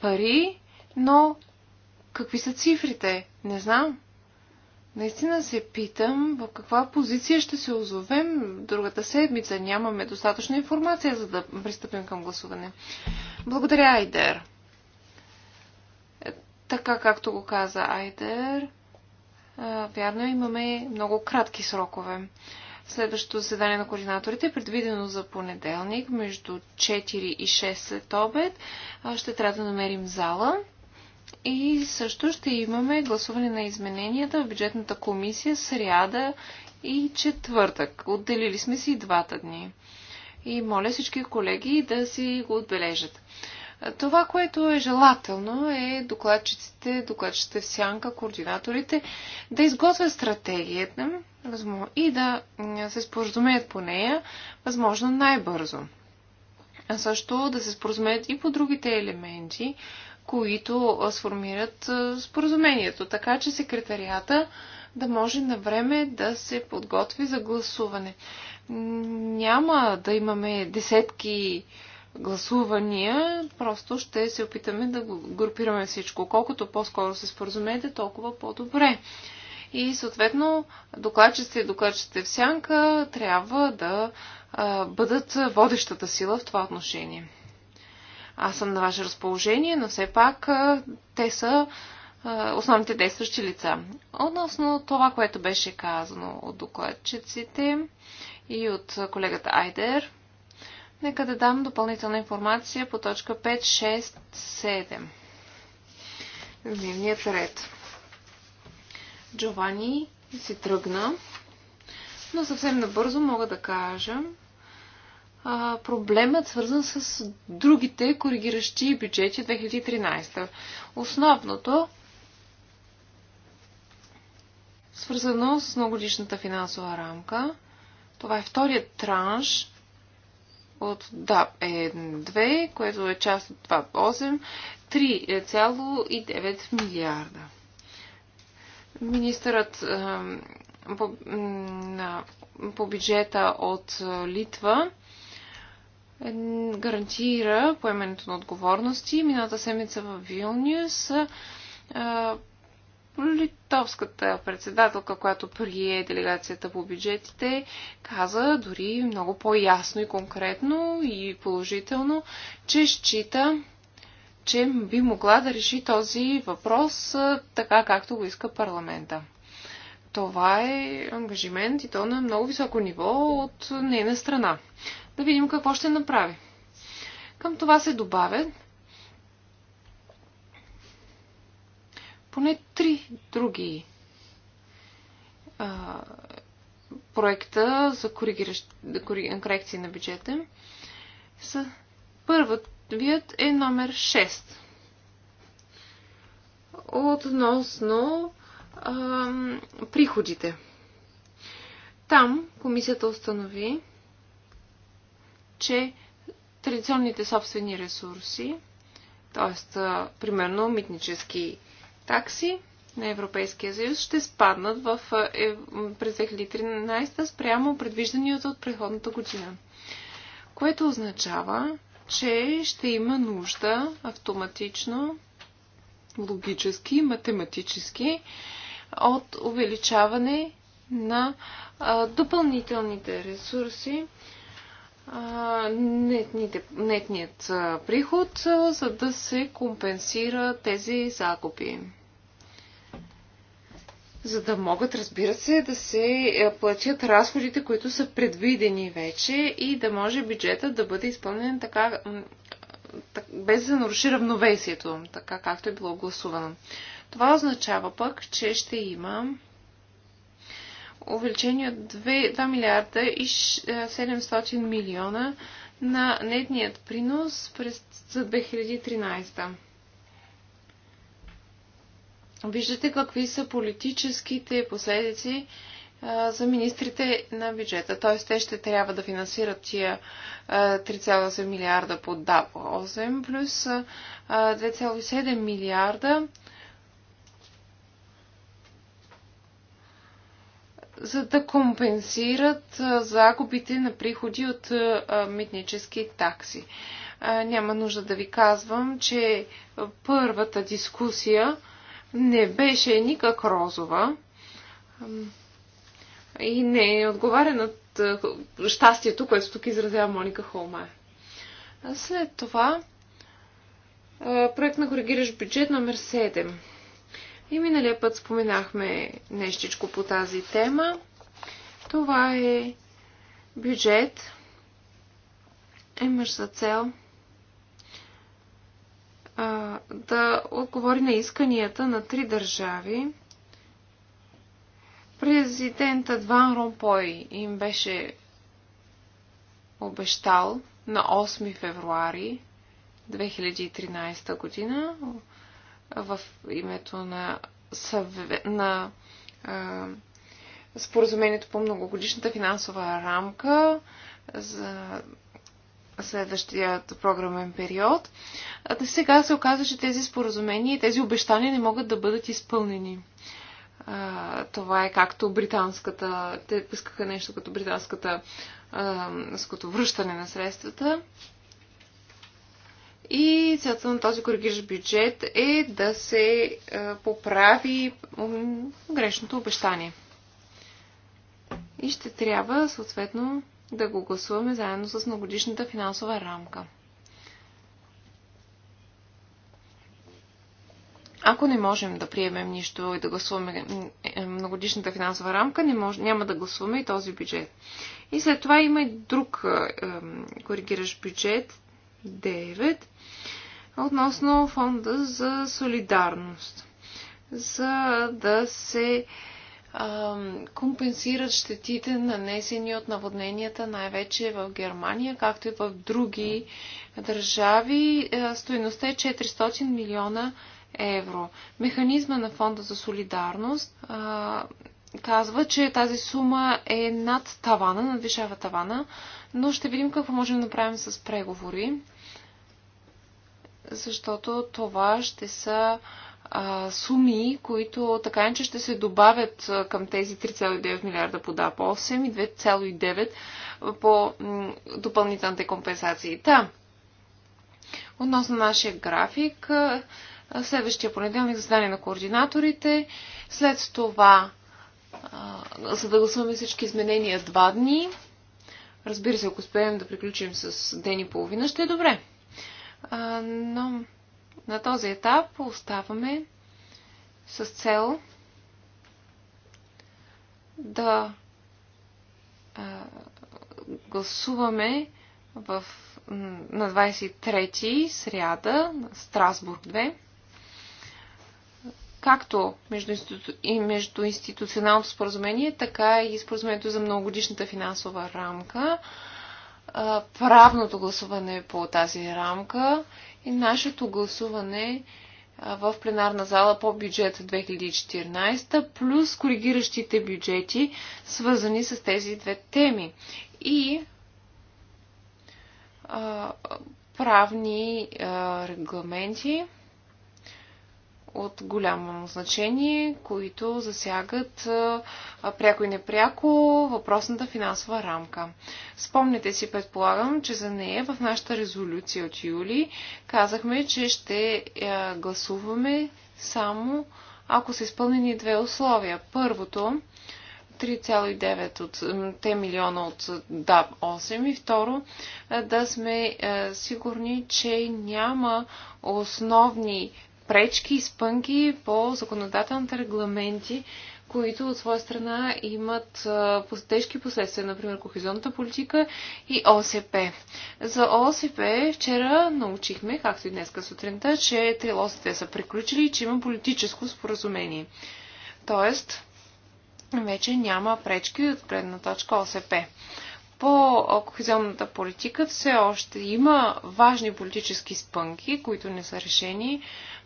пари, но какви са цифрите? Не знам. Наистина се питам в каква позиция ще се озовем другата седмица. Нямаме достатъчно информация, за да пристъпим към гласуване. Благодаря, Айдер. Е, така както го каза Айдер, вярно имаме много кратки срокове. Следващото заседание на координаторите е предвидено за понеделник между 4 и 6 след обед. Ще трябва да намерим зала. И също ще имаме гласуване на измененията в бюджетната комисия сряда и четвъртък. Отделили сме си двата дни. И моля всички колеги да си го отбележат. Това, което е желателно е докладчиците, докладчите в сянка, координаторите да изготвят стратегията и да се споразумеят по нея, възможно най-бързо. А също да се споразумеят и по другите елементи, които сформират споразумението. Така че секретарията да може на време да се подготви за гласуване. Няма да имаме десетки гласувания, просто ще се опитаме да групираме всичко. Колкото по-скоро се споразумеете, толкова по-добре. И съответно, докладчиците и докладчиците в сянка трябва да а, бъдат водещата сила в това отношение. Аз съм на ваше разположение, но все пак те са основните действащи лица. Относно това, което беше казано от докладчиците и от колегата Айдер, нека да дам допълнителна информация по точка 5, 6, 7. Дневният ред. Джовани си тръгна, но съвсем набързо мога да кажа, а, проблемът свързан с другите коригиращи бюджети 2013. Основното, свързано с многодишната финансова рамка, това е вторият транш от DAP е 2, което е част от DAP 8, 3,9 милиарда. Министърът по, по бюджета от Литва е, гарантира поемането на отговорности. Миналата седмица в Вилнюс е, литовската председателка, която прие делегацията по бюджетите, каза дори много по-ясно и конкретно и положително, че счита, че би могла да реши този въпрос е, така, както го иска парламента. Това е ангажимент и то на много високо ниво от нейна страна да видим какво ще направи. Към това се добавят поне три други а, проекта за корекции на бюджета. Са, първият е номер 6. Относно а, приходите. Там комисията установи, че традиционните собствени ресурси, т.е. примерно митнически такси на Европейския съюз, ще спаднат в, е, през 2013 спрямо предвижданията от предходната година. Което означава, че ще има нужда автоматично, логически, математически от увеличаване на а, допълнителните ресурси нетните, нетният приход, за да се компенсира тези загуби. За да могат, разбира се, да се е, платят разходите, които са предвидени вече и да може бюджетът да бъде изпълнен така, без да наруши равновесието, така както е било гласувано. Това означава пък, че ще има увеличение от 2, 2 милиарда и 700 е, милиона на нетният принос през, за 2013. Виждате какви са политическите последици е, за министрите на бюджета. Т.е. те ще трябва да финансират тия 3,8 е, милиарда по DAP 8 плюс 2,7 милиарда за да компенсират загубите на приходи от митнически такси. Няма нужда да ви казвам, че първата дискусия не беше никак розова и не е отговаря на щастието, което тук изразява Моника Холмайер. След това проект на коригиращ бюджет номер 7. И миналия път споменахме нещичко по тази тема. Това е бюджет, е, имаш за цел а, да отговори на исканията на три държави. Президента Ван Ромпой им беше обещал на 8 февруари 2013 година в името на, съве, на а, споразумението по многогодишната финансова рамка за следващият програмен период. А сега се оказва, че тези споразумения и тези обещания не могат да бъдат изпълнени. А, това е както британската, те искаха нещо като британската а, връщане на средствата. И целта на този коригиращ бюджет е да се е, поправи грешното обещание. И ще трябва, съответно, да го гласуваме заедно с многодишната финансова рамка. Ако не можем да приемем нищо и да гласуваме е, многодишната финансова рамка, не мож, няма да гласуваме и този бюджет. И след това има и друг е, коригиращ бюджет. 9 относно фонда за солидарност, за да се компенсират щетите нанесени от наводненията, най-вече в Германия, както и в други държави. Е, стоеността е 400 милиона евро. Механизма на фонда за солидарност казва, че тази сума е над тавана, надвишава тавана, но ще видим какво можем да направим с преговори защото това ще са а, суми, които така иначе ще се добавят към тези 3,9 милиарда по ДАП 8 и 2,9 по допълнителните компенсации. Та, относно нашия график, следващия понеделник задание на координаторите, след това за да гласуваме всички изменения два дни. Разбира се, ако успеем да приключим с ден и половина, ще е добре. А, но на този етап оставаме с цел да а, гласуваме в, на 23-ти сряда на Страсбург 2 както междуинститу... и институционалното споразумение, така и споразумението за многогодишната финансова рамка правното гласуване по тази рамка и нашето гласуване в пленарна зала по бюджет 2014, плюс коригиращите бюджети, свързани с тези две теми. И а, правни а, регламенти, от голямо значение, които засягат пряко и непряко въпросната финансова рамка. Спомнете си, предполагам, че за нея в нашата резолюция от юли казахме, че ще гласуваме само ако са изпълнени две условия. Първото 3,9 от те милиона от DAB 8 и второ да сме сигурни, че няма основни пречки и спънки по законодателните регламенти, които от своя страна имат тежки последствия, например кохезионната политика и ОСП. За ОСП вчера научихме, както и днес сутринта, че трилозите са приключили и че има политическо споразумение. Тоест, вече няма пречки от гледна точка ОСП. По кохезионната политика все още има важни политически спънки, които не са решени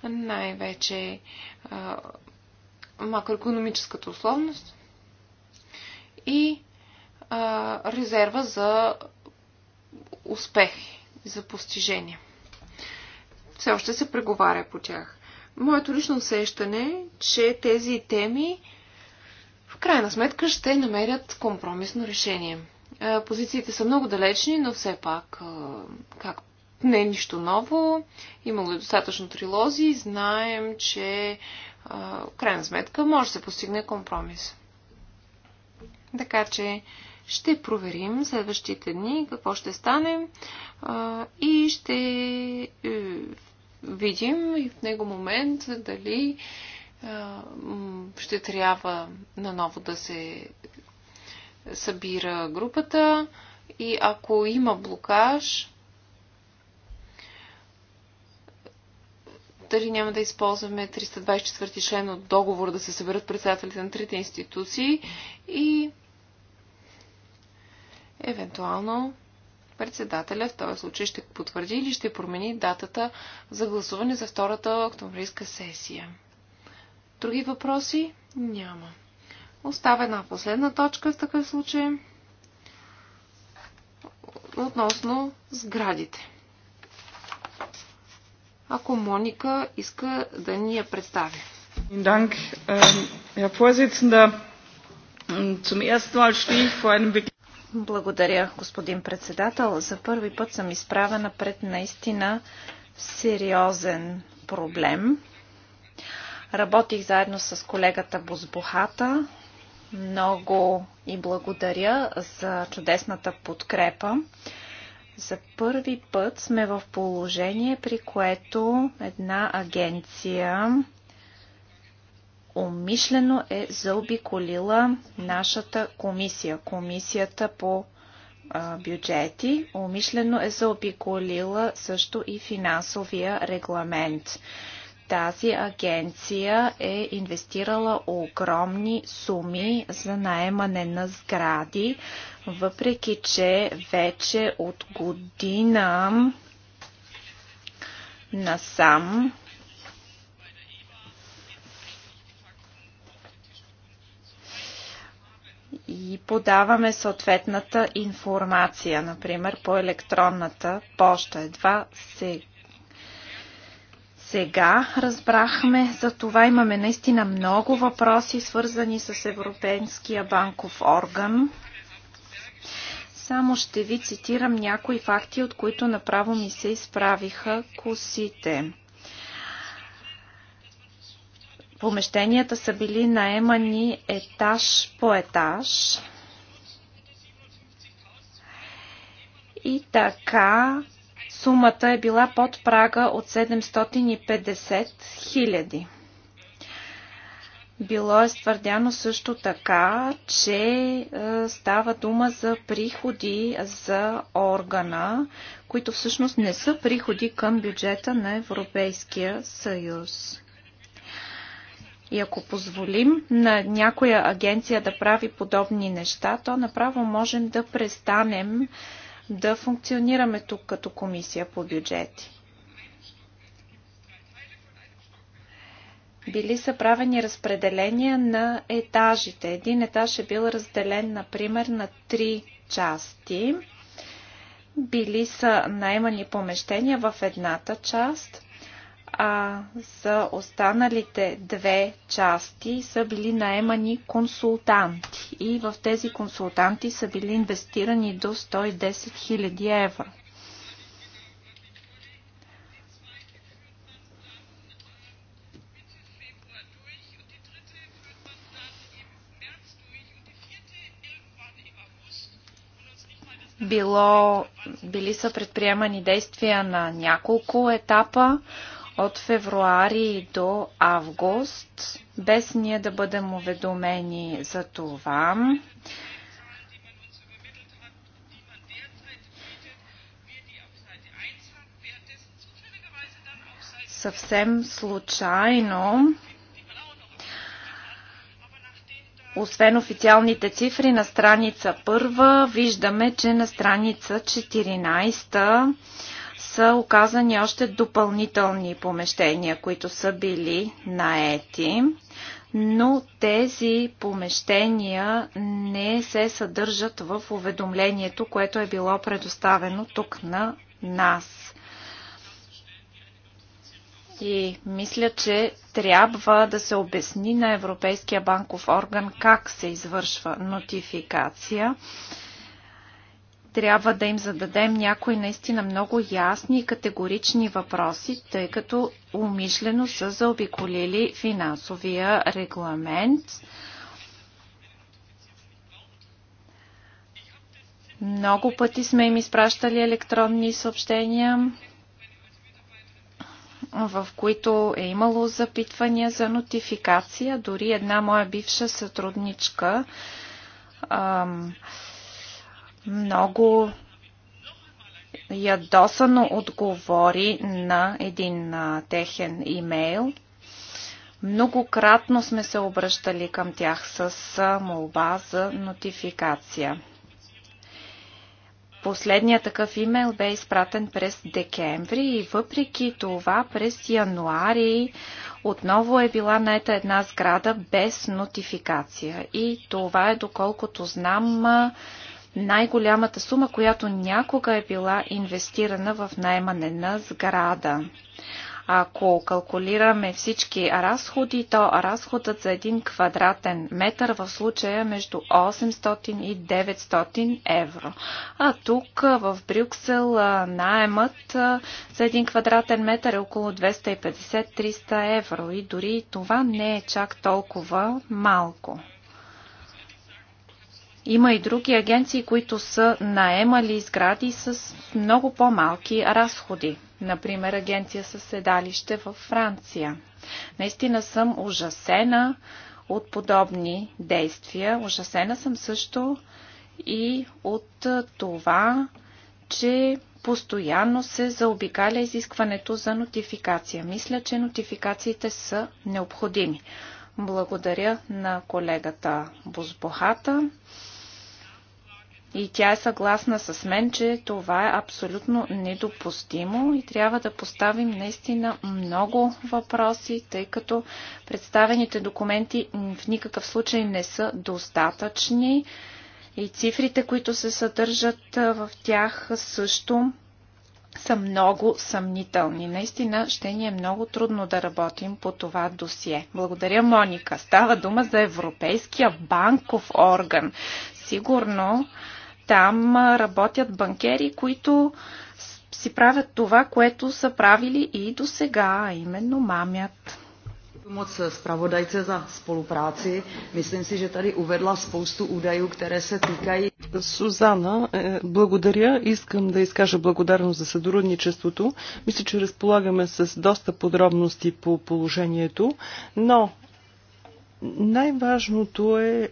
най-вече макроекономическата условност и а, резерва за успехи, за постижения. Все още се преговаря по тях. Моето лично усещане е, че тези теми в крайна сметка ще намерят компромисно решение. Позициите са много далечни, но все пак, както не е нищо ново. Имало е достатъчно трилози. Знаем, че в крайна сметка може да се постигне компромис. Така че ще проверим следващите дни какво ще стане и ще е, видим и в него момент дали ще трябва наново да се събира групата и ако има блокаж, дали няма да използваме 324 член от договор да се съберат председателите на трите институции и евентуално председателя в този случай ще потвърди или ще промени датата за гласуване за втората октомврийска сесия. Други въпроси? Няма. Остава една последна точка в такъв случай относно сградите ако Моника иска да ни я представи. Dank, ähm, ähm, благодаря, господин председател. За първи път съм изправена пред наистина сериозен проблем. Работих заедно с колегата Бозбохата. Много и благодаря за чудесната подкрепа. За първи път сме в положение, при което една агенция умишлено е заобиколила нашата комисия, комисията по бюджети, умишлено е заобиколила също и финансовия регламент. Тази агенция е инвестирала огромни суми за наемане на сгради, въпреки че вече от година насам и подаваме съответната информация, например по електронната поща. Едва сега сега разбрахме, за това имаме наистина много въпроси, свързани с Европейския банков орган. Само ще ви цитирам някои факти, от които направо ми се изправиха косите. Помещенията са били наемани етаж по етаж. И така сумата е била под прага от 750 хиляди. Било е ствърдяно също така, че е, става дума за приходи за органа, които всъщност не са приходи към бюджета на Европейския съюз. И ако позволим на някоя агенция да прави подобни неща, то направо можем да престанем да функционираме тук като комисия по бюджети. Били са правени разпределения на етажите. Един етаж е бил разделен, например, на три части. Били са наймани помещения в едната част – а за останалите две части са били наемани консултанти и в тези консултанти са били инвестирани до 110 000 евро. Било, били са предприемани действия на няколко етапа от февруари до август, без ние да бъдем уведомени за това. Съвсем случайно освен официалните цифри на страница 1, виждаме, че на страница 14 са оказани още допълнителни помещения, които са били наети, но тези помещения не се съдържат в уведомлението, което е било предоставено тук на нас. И мисля, че трябва да се обясни на Европейския банков орган как се извършва нотификация трябва да им зададем някои наистина много ясни и категорични въпроси, тъй като умишлено са заобиколили финансовия регламент. Много пъти сме им изпращали електронни съобщения, в които е имало запитвания за нотификация. Дори една моя бивша сътрудничка ам, много ядосано отговори на един техен имейл. Многократно сме се обръщали към тях с молба за нотификация. Последният такъв имейл бе изпратен през декември и въпреки това през януари отново е била наета една сграда без нотификация. И това е доколкото знам най-голямата сума, която някога е била инвестирана в найемане на сграда. Ако калкулираме всички разходи, то разходът за един квадратен метър в случая е между 800 и 900 евро. А тук в Брюксел найемът за един квадратен метър е около 250-300 евро и дори това не е чак толкова малко. Има и други агенции, които са наемали сгради с много по-малки разходи. Например, агенция със седалище във Франция. Наистина съм ужасена от подобни действия. Ужасена съм също и от това, че постоянно се заобикаля изискването за нотификация. Мисля, че нотификациите са необходими. Благодаря на колегата Бузбохата. И тя е съгласна с мен, че това е абсолютно недопустимо и трябва да поставим наистина много въпроси, тъй като представените документи в никакъв случай не са достатъчни и цифрите, които се съдържат в тях също са много съмнителни. Наистина ще ни е много трудно да работим по това досие. Благодаря, Моника. Става дума за Европейския банков орган. Сигурно там работят банкери, които си правят това, което са правили и до сега, именно мамят. Moc zpravodajce za spolupráci. Myslím si, že tady uvedla spoustu údajů, které se týkají. Сузана, е, благодаря. Искам да изкажа благодарност за сътрудничеството. Мисля, че разполагаме с доста подробности по положението, но най-важното е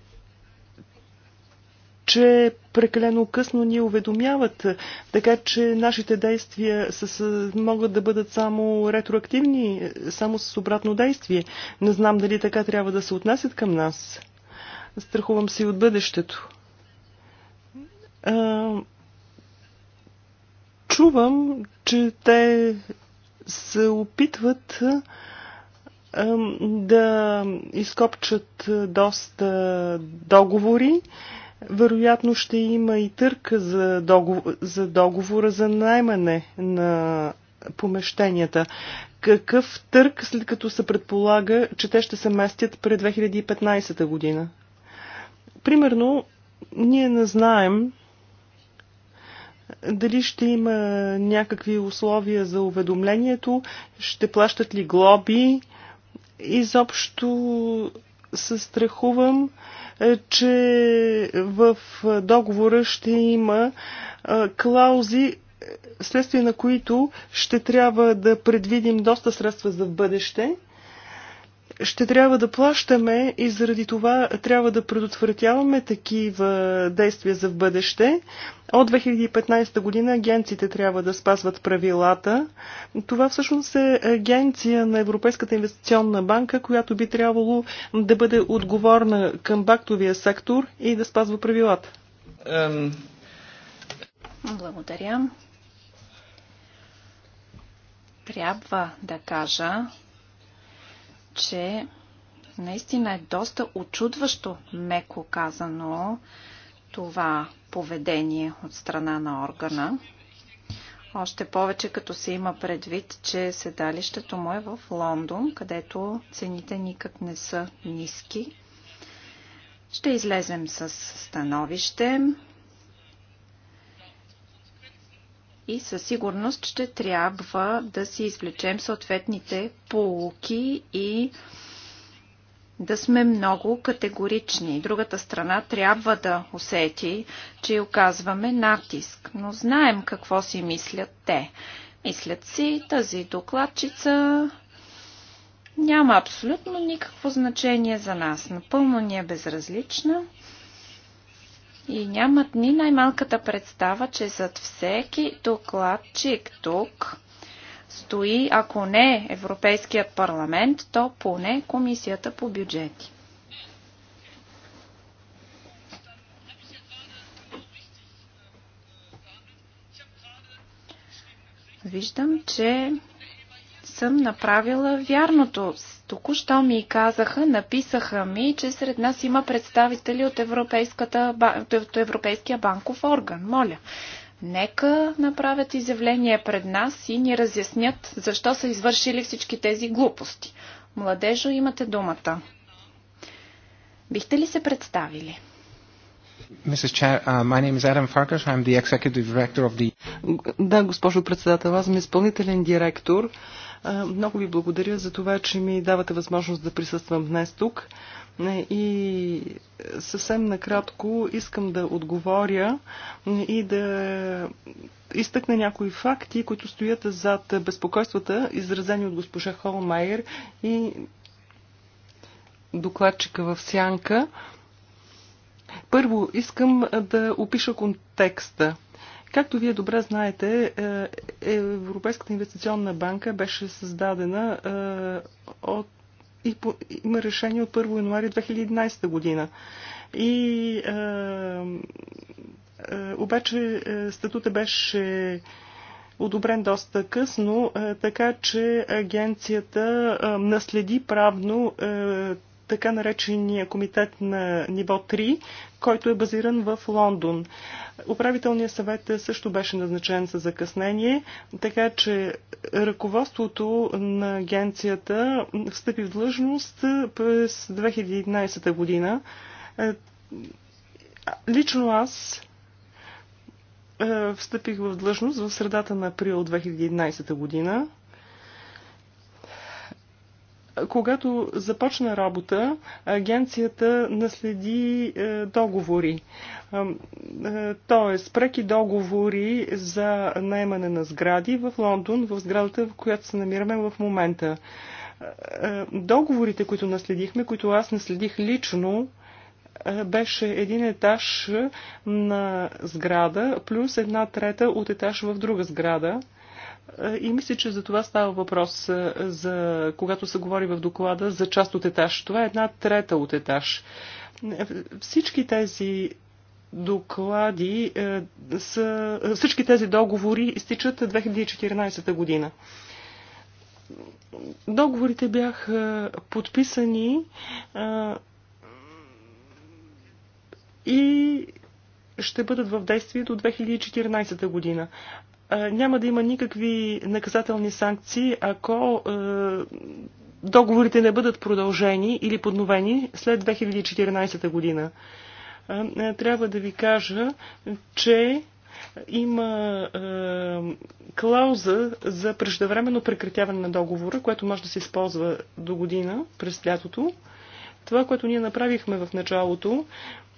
че прекалено късно ни уведомяват, така че нашите действия са, могат да бъдат само ретроактивни, само с обратно действие. Не знам дали така трябва да се отнасят към нас. Страхувам се и от бъдещето. А, чувам, че те се опитват да изкопчат доста договори вероятно ще има и търк за, договор, за договора за наймане на помещенията. Какъв търк, след като се предполага, че те ще се местят през 2015 година? Примерно, ние не знаем дали ще има някакви условия за уведомлението, ще плащат ли глоби. Изобщо се страхувам, че в договора ще има клаузи, следствие на които ще трябва да предвидим доста средства за бъдеще ще трябва да плащаме и заради това трябва да предотвратяваме такива действия за в бъдеще. От 2015 година агенциите трябва да спазват правилата. Това всъщност е агенция на Европейската инвестиционна банка, която би трябвало да бъде отговорна към бактовия сектор и да спазва правилата. Благодаря. Трябва да кажа, че наистина е доста очудващо, меко казано, това поведение от страна на органа. Още повече като се има предвид, че седалището му е в Лондон, където цените никак не са ниски. Ще излезем с становище. и със сигурност ще трябва да си извлечем съответните полуки и да сме много категорични. Другата страна трябва да усети, че оказваме натиск, но знаем какво си мислят те. Мислят си, тази докладчица няма абсолютно никакво значение за нас. Напълно ни е безразлична и нямат ни най-малката представа, че зад всеки докладчик тук стои, ако не Европейският парламент, то поне Комисията по бюджети. Виждам, че съм направила вярното Току-що ми казаха, написаха ми, че сред нас има представители от, Европейската, от Европейския банков орган. Моля, нека направят изявление пред нас и ни разяснят защо са извършили всички тези глупости. Младежо, имате думата. Бихте ли се представили? Да, госпожо председател, аз съм изпълнителен директор много ви благодаря за това, че ми давате възможност да присъствам днес тук. Е, и съвсем накратко искам да отговоря е, и да изтъкна някои факти, които стоят зад безпокойствата, изразени от госпожа Холмайер и докладчика в Сянка. Първо, искам да опиша контекста. Както вие добре знаете, е, Европейската инвестиционна банка беше създадена е, от и по, има решение от 1 януари 2011 година. И е, е, обаче е, статута беше одобрен доста късно, е, така че агенцията е, наследи правно е, така наречения комитет на ниво 3, който е базиран в Лондон. Е, Управителният съвет също беше назначен с закъснение, така че ръководството на агенцията встъпи в длъжност през 2011 година. Е, лично аз е, встъпих в длъжност в средата на април 2011 година когато започна работа, агенцията наследи е, договори. Е, е, тоест, преки договори за наемане на сгради в Лондон, в сградата, в която се намираме в момента. Договорите, които наследихме, които аз наследих лично, беше един етаж на сграда, плюс една трета от етаж в друга сграда – е, и мисля, че за това става въпрос, е, за, когато се говори в доклада за част от етаж. Това е една трета от етаж. Е, всички тези доклади са, всички тези договори изтичат 2014 година. Договорите бяха подписани и ще бъдат в действие до 2014 година няма да има никакви наказателни санкции, ако е, договорите не бъдат продължени или подновени след 2014 година. Е, трябва да ви кажа, че има е, клауза за преждевременно прекратяване на договора, което може да се използва до година, през лятото. Това, което ние направихме в началото,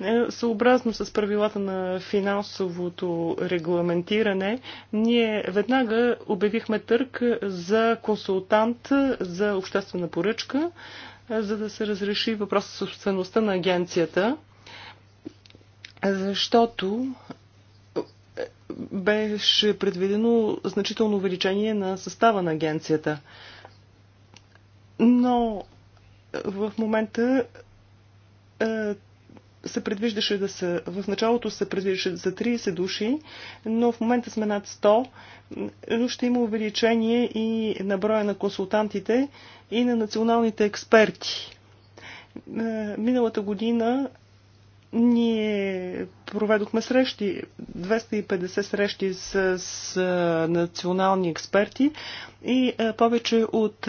е, съобразно с правилата на финансовото регламентиране, ние веднага обявихме търк за консултант за обществена поръчка, е, за да се разреши въпрос с собствеността на агенцията, защото беше предвидено значително увеличение на състава на агенцията. Но в момента е, се предвиждаше да са, в началото се предвиждаше за 30 души, но в момента сме над 100, но ще има увеличение и на броя на консултантите и на националните експерти. Е, миналата година ние проведохме срещи, 250 срещи с, с е, национални експерти и е, повече от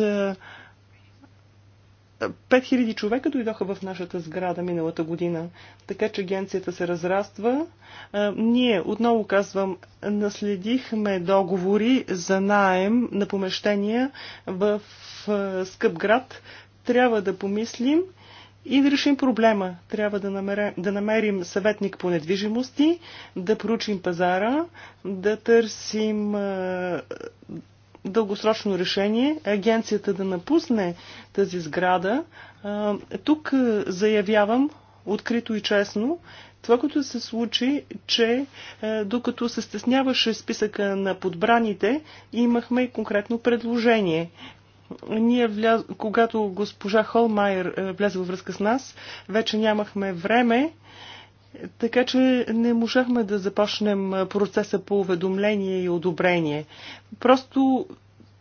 5000 човека дойдоха в нашата сграда миналата година, така че агенцията се разраства. Ние, отново казвам, наследихме договори за найем на помещения в скъп град. Трябва да помислим и да решим проблема. Трябва да намерим, да намерим съветник по недвижимости, да проучим пазара, да търсим дългосрочно решение агенцията да напусне тази сграда. Тук заявявам открито и честно, това, което се случи, че докато се стесняваше списъка на подбраните, имахме и конкретно предложение. Ние вляз... Когато госпожа Холмайер влезе във връзка с нас, вече нямахме време. Така че не можахме да започнем процеса по уведомление и одобрение. Просто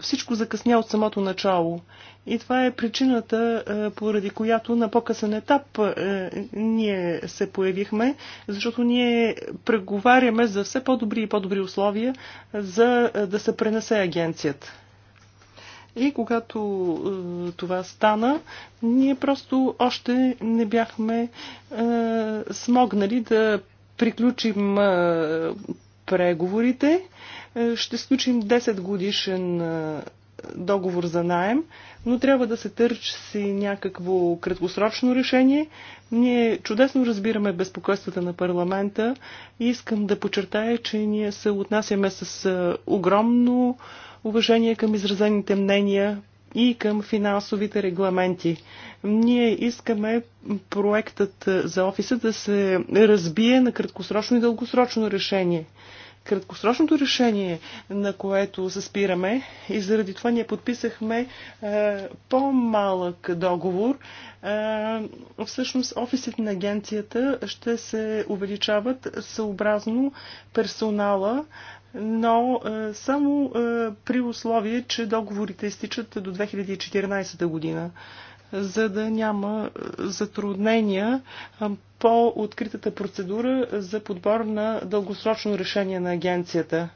всичко закъсня от самото начало. И това е причината, поради която на по-късен етап ние се появихме, защото ние преговаряме за все по-добри и по-добри условия, за да се пренесе агенцията. И когато е, това стана, ние просто още не бяхме е, смогнали да приключим е, преговорите. Е, ще сключим 10 годишен е, договор за найем, но трябва да се търси някакво краткосрочно решение. Ние чудесно разбираме безпокойствата на парламента и искам да подчертая, че ние се отнасяме с е, огромно уважение към изразените мнения и към финансовите регламенти. Ние искаме проектът за офиса да се разбие на краткосрочно и дългосрочно решение. Краткосрочното решение, на което се спираме, и заради това ние подписахме е, по-малък договор, е, всъщност офисите на агенцията ще се увеличават съобразно персонала, но е, само е, при условие, че договорите изтичат до 2014 година за да няма е, затруднения по откритата процедура за подбор на дългосрочно решение на агенцията.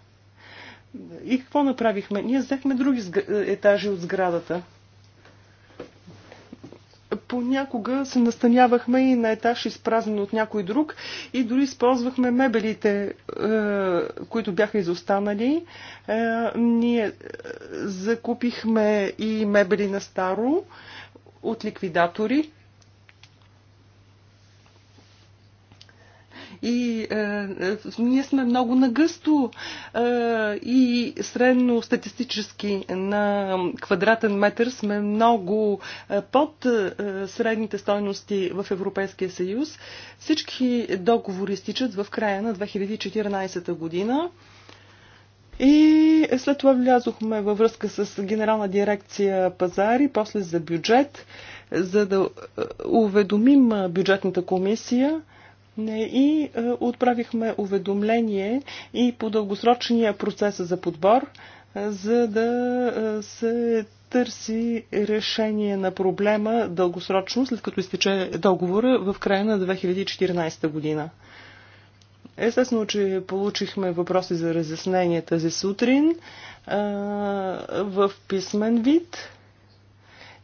И какво направихме? Ние взехме други етажи от сградата. Понякога се настанявахме и на етаж изпразнен от някой друг и дори използвахме мебелите, е, които бяха изостанали. Е, ние е, закупихме и мебели на старо от ликвидатори, И е, ние сме много нагъсто е, и средно статистически на квадратен метър сме много е, под е, средните стойности в Европейския съюз. Всички договори стичат в края на 2014 година. И след това влязохме във връзка с Генерална дирекция пазари, после за бюджет, за да е, уведомим бюджетната комисия и е, отправихме уведомление и по дългосрочния процес за подбор, е, за да е, се търси решение на проблема дългосрочно, след като изтече договора в края на 2014 година. Естествено, че получихме въпроси за разяснение тази сутрин в писмен вид.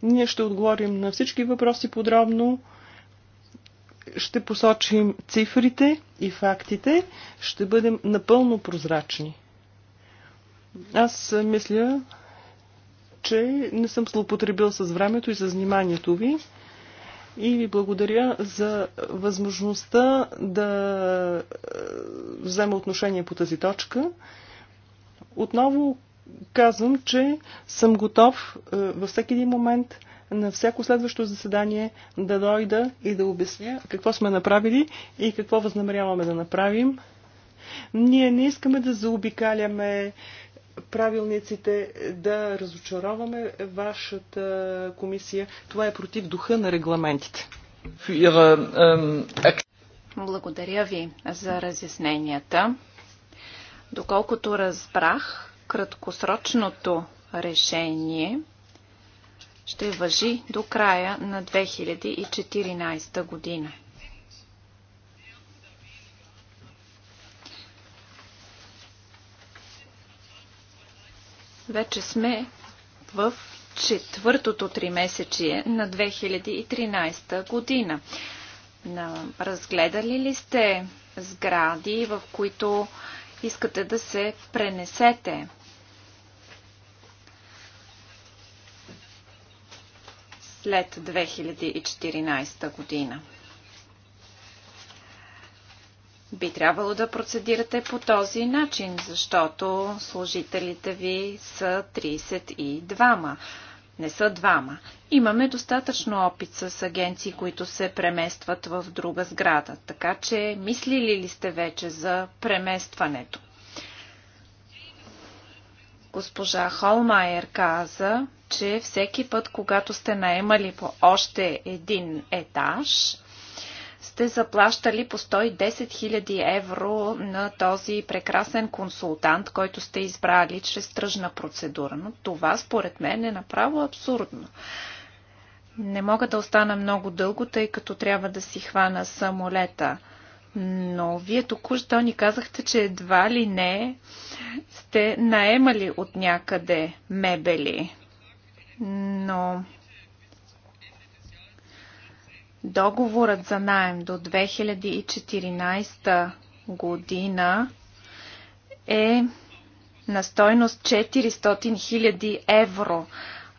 Ние ще отговорим на всички въпроси подробно ще посочим цифрите и фактите, ще бъдем напълно прозрачни. Аз мисля, че не съм злоупотребил с времето и с вниманието ви. И ви благодаря за възможността да е, взема отношение по тази точка. Отново казвам, че съм готов е, във всеки един момент – на всяко следващо заседание да дойда и да обясня какво сме направили и какво възнамеряваме да направим. Ние не искаме да заобикаляме правилниците, да разочароваме вашата комисия. Това е против духа на регламентите. Ähm, Благодаря ви за разясненията. Доколкото разбрах, краткосрочното решение ще въжи до края на 2014 година. Вече сме в четвъртото тримесечие на 2013 година. Разгледали ли сте сгради, в които искате да се пренесете след 2014 година. Би трябвало да процедирате по този начин, защото служителите ви са 32-ма. Не са двама. Имаме достатъчно опит с агенции, които се преместват в друга сграда, така че мислили ли сте вече за преместването? Госпожа Холмайер каза, че всеки път, когато сте наемали по още един етаж, сте заплащали по 110 000 евро на този прекрасен консултант, който сте избрали чрез тръжна процедура. Но това според мен е направо абсурдно. Не мога да остана много дълго, тъй като трябва да си хвана самолета. Но вие току-що ни казахте, че едва ли не сте наемали от някъде мебели но договорът за найем до 2014 година е на стойност 400 000 евро,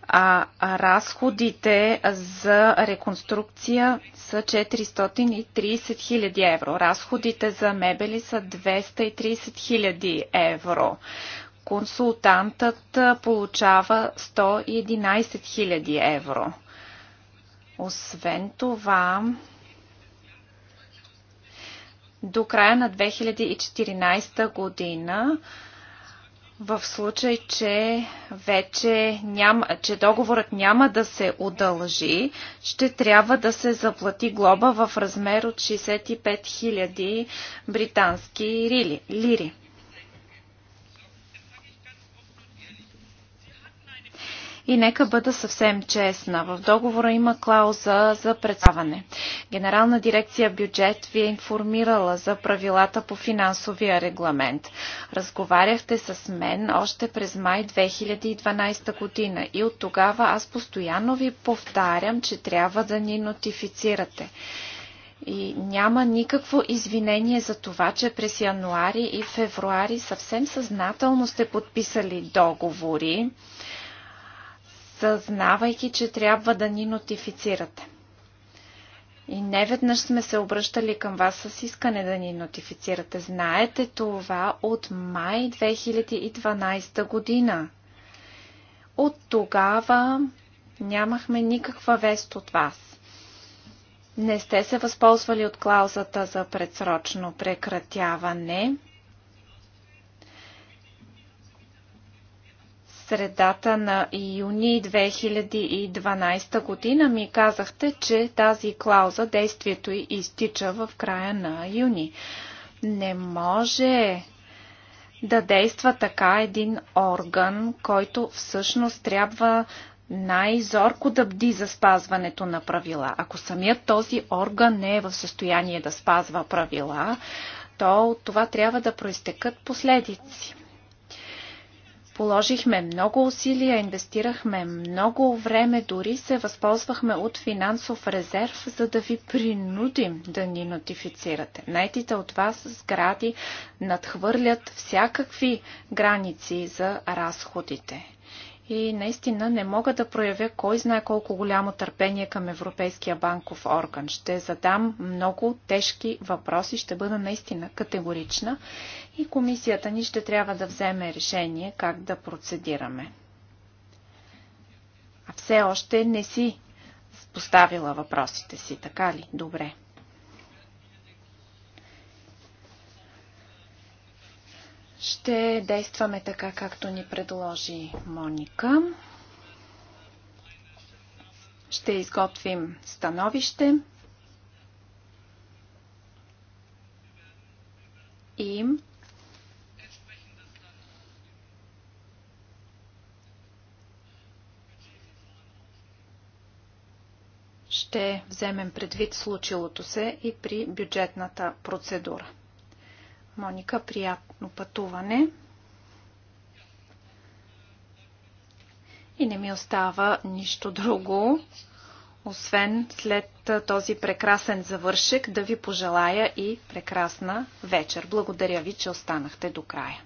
а разходите за реконструкция са 430 000 евро. Разходите за мебели са 230 000 евро консултантът получава 111 000 евро. Освен това, до края на 2014 година в случай, че вече няма, че договорът няма да се удължи, ще трябва да се заплати глоба в размер от 65 000 британски лири. И нека бъда съвсем честна. В договора има клауза за представане. Генерална дирекция бюджет ви е информирала за правилата по финансовия регламент. Разговаряхте с мен още през май 2012 година и от тогава аз постоянно ви повтарям, че трябва да ни нотифицирате. И няма никакво извинение за това, че през януари и февруари съвсем съзнателно сте подписали договори, съзнавайки, че трябва да ни нотифицирате. И не веднъж сме се обръщали към вас с искане да ни нотифицирате. Знаете това от май 2012 година. От тогава нямахме никаква вест от вас. Не сте се възползвали от клаузата за предсрочно прекратяване. средата на юни 2012 година ми казахте, че тази клауза, действието й изтича в края на юни. Не може да действа така един орган, който всъщност трябва най-зорко да бди за спазването на правила. Ако самият този орган не е в състояние да спазва правила, то от това трябва да проистекат последици. Положихме много усилия, инвестирахме много време, дори се възползвахме от финансов резерв, за да ви принудим да ни нотифицирате. Найтите от вас сгради надхвърлят всякакви граници за разходите и наистина не мога да проявя кой знае колко голямо търпение към Европейския банков орган. Ще задам много тежки въпроси, ще бъда наистина категорична и комисията ни ще трябва да вземе решение как да процедираме. А все още не си поставила въпросите си, така ли? Добре. Ще действаме така, както ни предложи Моника. Ще изготвим становище и ще вземем предвид случилото се и при бюджетната процедура. Моника, приятно пътуване. И не ми остава нищо друго, освен след този прекрасен завършек да ви пожелая и прекрасна вечер. Благодаря ви, че останахте до края.